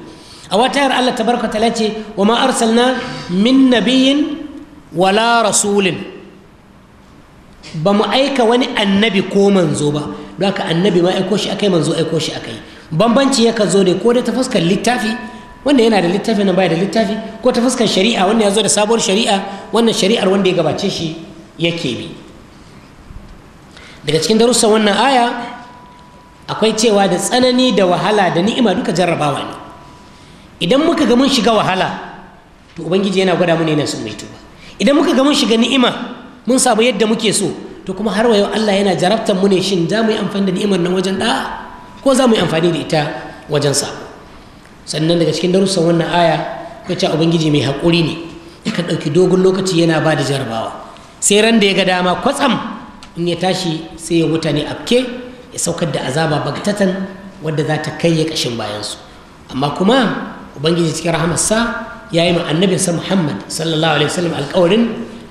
a wata yar Allah tabaraka ta ce wa ma arsalna min nabiyin wala rasulin ba mu aika wani annabi ko manzo ba don haka annabi ma aiko shi akai manzo aiko shi akai bambanci yakan zo ne ko dai ta fuskar littafi wanda yana da littafi nan baya da littafi ko ta fuskar shari'a wanda ya zo da sabuwar shari'a wannan shari'ar wanda ya gabace shi yake bi daga cikin darussan wannan aya akwai cewa da tsanani da wahala da ni'ima duka jarrabawa ne idan muka ga mun shiga wahala to ubangiji yana gwada mu ne na sun mai tuba idan muka ga mun shiga ni'ima mun samu yadda muke so to kuma har yau Allah yana jarabtar mu ne shin za mu yi amfani da ni'imar nan wajen ɗa'a ko za mu yi amfani da ita wajen sa sannan daga cikin darussan wannan aya ko ta ubangiji mai haƙuri ne yakan ɗauki dogon lokaci yana ba da jarabawa sai ran da ya ga dama kwatsam in ya tashi sai ya wuta ne afke ya saukar da azaba bagtatan wadda za ta kai ya ƙashin bayansu amma kuma ubangiji cikin rahamarsa ya yi ma annabinsa muhammad sallallahu alaihi wasallam alƙawarin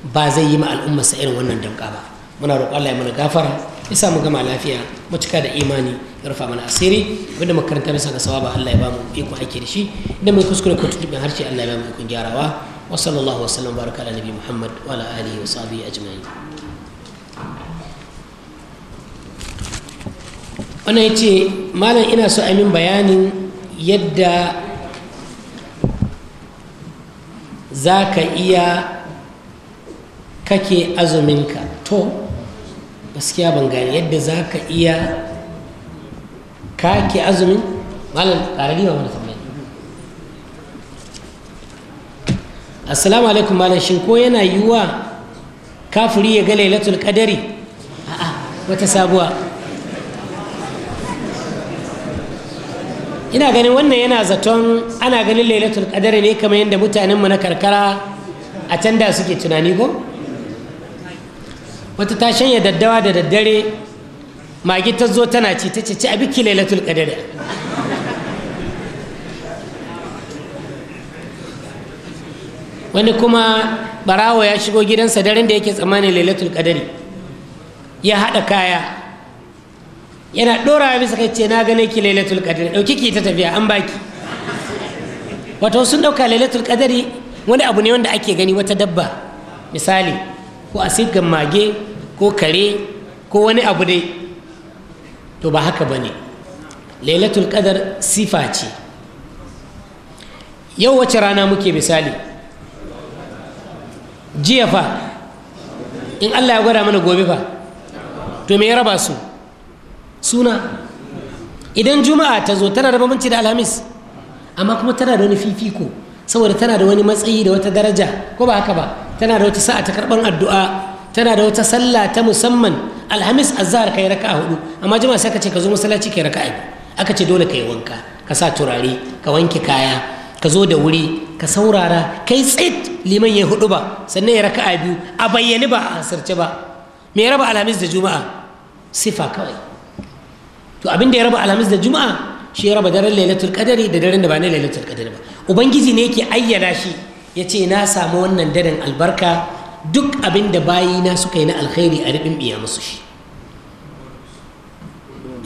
ba zai yi ma sa irin wannan danka ba muna roƙon Allah ya mana gafara ya sa mu gama lafiya matuka da imani ya rufa mana asiri wanda makarantar sa ga sawaba Allah ya ba mu iko aiki da shi idan mai kuskure ko tutubin harshe Allah ya ba mu iko gyarawa wa sallallahu wa sallam baraka ala nabi Muhammad wa ala alihi wa sahbihi ajma'in wannan yace malam ina so a min bayanin yadda za ka iya kake azuminka to gaskiya ban gani yadda za ka iya kake azumin malam ƙarari ba wani tambayi assalamu alaikum malam shin ko yana yiwuwa kafiri ya ga lailatul qadari a'a wata sabuwa ina ganin wannan yana zaton ana ganin lailatul qadari ne kamar yadda mutanenmu na karkara a can da suke tunani ko wata ta shanya daddawa da daddare magi ta zo tana ci ta ce ci abi ki lailatul qadr wani kuma barawo ya shigo gidansa daren da yake tsammanin lailatul qadari ya haɗa kaya yana ya bisa kai ce na gane ki lailatul qadari dauki ki ta tafiya an baki wato sun ɗauka lailatul qadari wani abu ne wanda ake gani wata dabba misali ko a sigan mage ko kare ko wani abu dai to ba haka ba ne lailatul qadar sifa ce yau wace rana muke misali jiya fa in allah ya gwada mana gobe fa to me ya raba su suna idan juma'a ta zo tana da bambanci da alhamis amma kuma tana da wani fifiko saboda tana da wani matsayi da wata daraja ko ba haka ba tana da wata sa'a ta karban addu'a tana da wata sallah ta musamman alhamis azhar kai raka'a hudu amma jama'a sai ka ce ka zo masallaci kai raka'a aka ce dole kai wanka ka sa turare ka wanke kaya ka zo da wuri ka saurara kai tsit liman ya hudu ba sannan ya raka'a biyu a bayyane ba a asirce ba me ya raba alhamis da juma'a sifa kawai to abin da ya raba alhamis da juma'a shi ya raba daren lailatul qadari da daren da ba na lailatul qadari ba ubangiji ne yake ayyana shi ya ce na samu wannan daren albarka duk abin da bayina suka yi na alkhairi a riɓin biya musu shi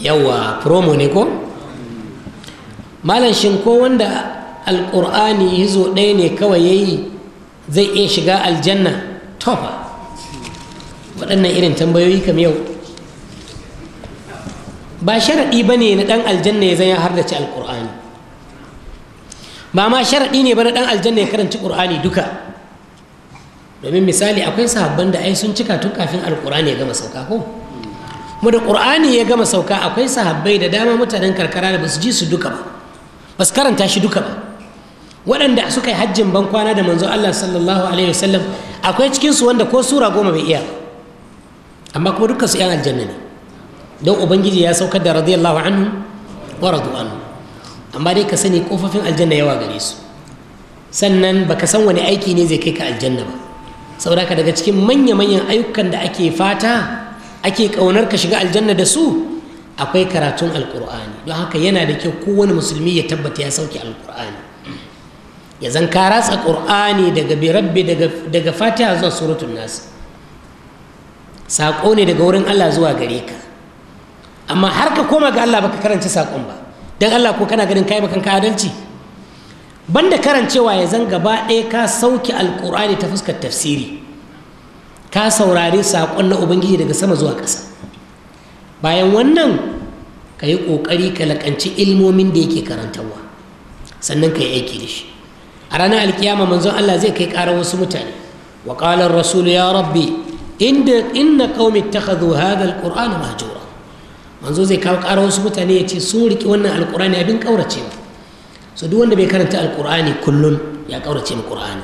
yawa promo ne ko malam shin ko wanda alƙur'ani hizo ɗaya ne kawai ya yi zai iya shiga aljanna tofa waɗannan irin tambayoyi kam yau ba sharaɗi ba ne na ɗan aljanna ya har ya hardace alƙur'ani ba ma sharaɗi ne ba na ɗan aljanna ya karanci ƙur'ani duka domin misali akwai sahabban da ai sun cika tun kafin alƙur'ani ya gama sauka ko mu da ƙur'ani ya gama sauka akwai sahabbai da dama mutanen karkara da basu ji su duka ba basu karanta shi duka ba waɗanda suka yi hajjin ban kwana da manzo Allah sallallahu alaihi wasallam akwai cikin su wanda ko sura goma bai iya amma kuma dukkan su 'yan aljanna ne don ubangiji ya saukar da radiyallahu anhu wa radu anhu amma dai ka sani kofofin aljanna yawa gare su sannan ba ka san wani aiki ne zai kai ka aljanna ba saboda daga cikin manya-manyan ayyukan da ake fata ake ƙaunar ka shiga aljanna da su akwai karatun alkur'ani don haka yana da kyau kowane musulmi ya tabbata ya sauke alkur'ani ya zan ka ratsa ƙur'ani daga birabbe daga fatiha zuwa suratun nasu saƙo ne daga wurin allah zuwa gare ka amma har ka koma ga allah baka karanci saƙon ba don allah ko kana ganin kai bakan ka adalci banda karancewa ya zan gaba ɗaya ka sauke alƙur'ani ta fuskar tafsiri ka saurari saƙon na ubangiji daga sama zuwa ƙasa bayan wannan ka yi ƙoƙari ka laƙanci ilmomin da yake karantarwa sannan ka yi aiki da shi a ranar alkiyama manzon allah zai kai ƙarar wasu mutane wa ƙalar rasulu ya rabbi inda inna qaumi ittakhadhu hadha alqur'ana mahjura manzo zai kawo ƙara wasu mutane ya ce sun riƙe wannan alƙur'ani abin ƙaurace mu so duk wanda bai karanta alƙur'ani kullum ya ƙaurace mu ƙur'ani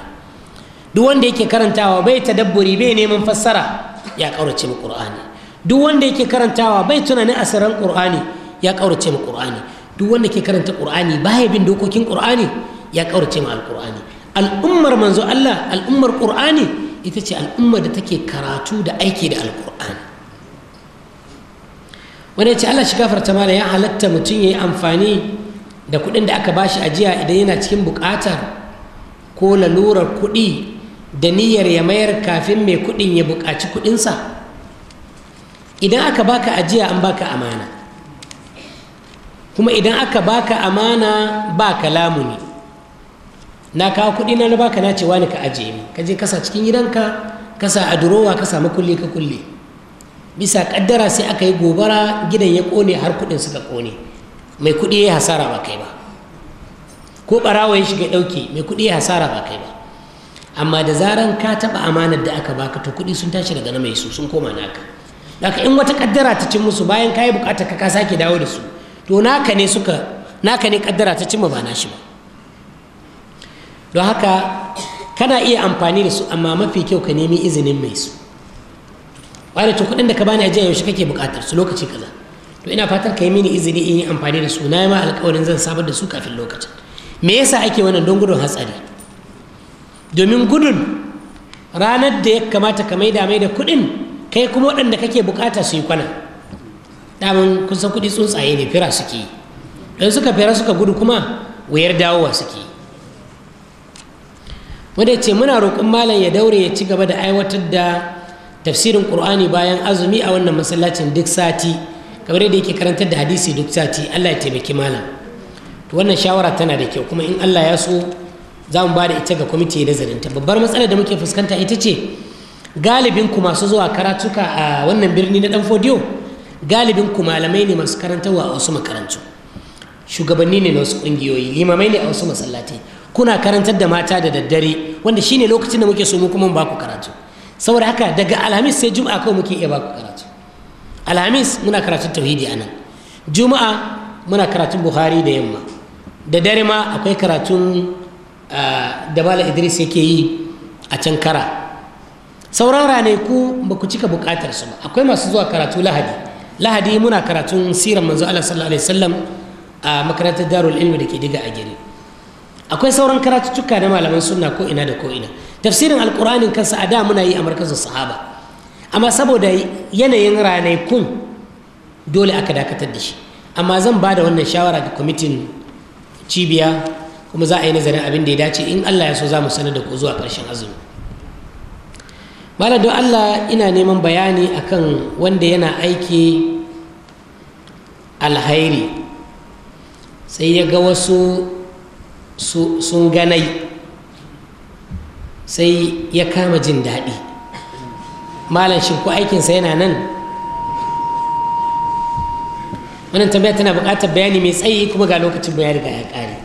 duk wanda yake karantawa bai ta tadabburi bai neman fassara ya ƙaurace mu ƙur'ani duk wanda yake karantawa bai tunanin asiran ƙur'ani ya ƙaurace mu ƙur'ani duk wanda ke karanta ƙur'ani baya bin dokokin ƙur'ani ya ƙaurace mu alƙur'ani al'ummar manzo Allah al'ummar ƙur'ani ita ce al'ummar da take karatu da aiki da alƙur'ani wani ce Allah shi gafarta mana ya halatta mutum ya yi amfani da kuɗin da aka bashi ajiya idan yana cikin bukatar ko lalurar kuɗi da niyyar ya mayar kafin mai kuɗin ya bukaci kuɗinsa idan aka baka ajiya an baka amana kuma idan aka baka amana ba kalamuni ne na kawo kuɗi na baka na cewa ni ka ajiye ni ka je kasa cikin gidanka kasa a durowa ka samu kulle ka kulle bisa kaddara sai aka yi gobara gidan ya kone har kudin suka kone mai kudi ya hasara ba kai ba ko barawa ya shiga dauke mai kudi ya hasara ba kai ba amma da zaran ka taba amanar da aka baka to kudi sun tashi daga na mai su sun koma naka daga in wata kaddara ta cin musu bayan kayi bukata ka ka sake dawo da su to naka ne suka naka ne kaddara ta cimma ba shi ba don haka kana iya amfani da su amma mafi kyau ka nemi izinin mai su wani to kuɗin da ka bani ajiya yaushe kake buƙatar su lokaci kaza to ina fatar ka yi mini izini in yi amfani da su na yi ma zan sabar da su kafin lokacin me yasa ake wannan don gudun hatsari domin gudun ranar da ya kamata ka maida mai da kuɗin kai kuma waɗanda kake buƙata su yi kwana daman kusan kuɗi tsuntsaye ne fira suke yi don suka fira suka gudu kuma wuyar dawowa suke yi ce muna roƙon malam ya daure ya ci gaba da aiwatar da tafsirin qur'ani bayan azumi a wannan masallacin duk sati kamar yadda yake karantar da hadisi duk sati Allah ya taimaki malam to wannan shawara tana da kyau kuma in Allah ya so za mu ba ita ga kwamiti ya nazarinta babbar matsalar da muke fuskanta ita ce galibin ku masu zuwa karatuka a wannan birni na dan fodiyo galibin ku malamai ne masu karantarwa a wasu makarantu shugabanni ne na wasu kungiyoyi limamai ne a wasu masallatai kuna karantar da mata da daddare wanda shine lokacin da muke so mu kuma mu ba ku karatu saboda haka daga alhamis sai juma'a kawai muke iya baku karatu alhamis muna karatun tauhidi a nan juma'a muna karatun buhari da yamma da dare ma akwai karatun ah, da bala idris yake yi a can kara sauran ku ba ku cika bukatar su ba akwai masu zuwa karatu lahadi lahadi muna karatun siran manzo allah sallallahu alaihi wasallam a makarantar darul ilmi da ke diga a gari akwai sauran karatuttuka na malaman sunna ko ina da ko ina tafsirin alƙur'anin kansa a da muna yi a markazin sahaba amma saboda yanayin ranakun dole aka dakatar da shi amma zan ba da wannan shawara ga kwamitin cibiya kuma za a yi nazarin abin da ya dace in allah ya so za mu sanar da ku zuwa ƙarshen azumi malam don allah ina neman bayani akan wanda yana aiki alhairi sai ya ga wasu sun ganai sai ya kama jin daɗi malam shi ko aikinsa yana nan wannan tambaya tana buƙatar bayani mai tsayi kuma ga lokacin ya riga ya ƙare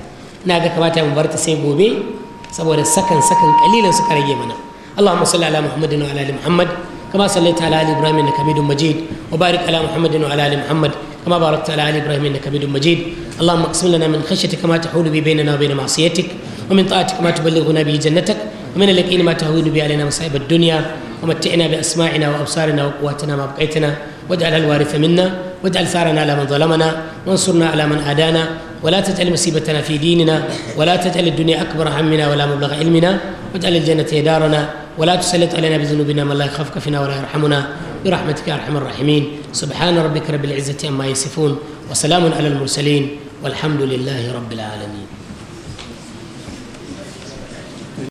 ina ga kamata mu barta sai gobe saboda sakan sakan kalilan suka rage mana اللهم صل على محمد وعلى ال محمد كما صليت على ال ابراهيم انك حميد مجيد وبارك على محمد وعلى ال محمد كما باركت على ال ابراهيم انك حميد مجيد اللهم اقسم لنا من خشيتك ما تحول بي بيننا وبين معصيتك ومن طاعتك ما تبلغنا به جنتك ومن اليقين ما تهون به علينا مصائب الدنيا ومتعنا بأسماعنا وأبصارنا وقواتنا ما بقيتنا واجعل الوارث منا واجعل ثارنا على من ظلمنا وانصرنا على من عادانا ولا تجعل مصيبتنا في ديننا ولا تجعل الدنيا أكبر همنا ولا مبلغ علمنا واجعل الجنة دارنا ولا تسلط علينا بذنوبنا من لا يخافك فينا ولا يرحمنا برحمتك يا أرحم الراحمين سبحان ربك رب العزة عما يصفون وسلام على المرسلين والحمد لله رب العالمين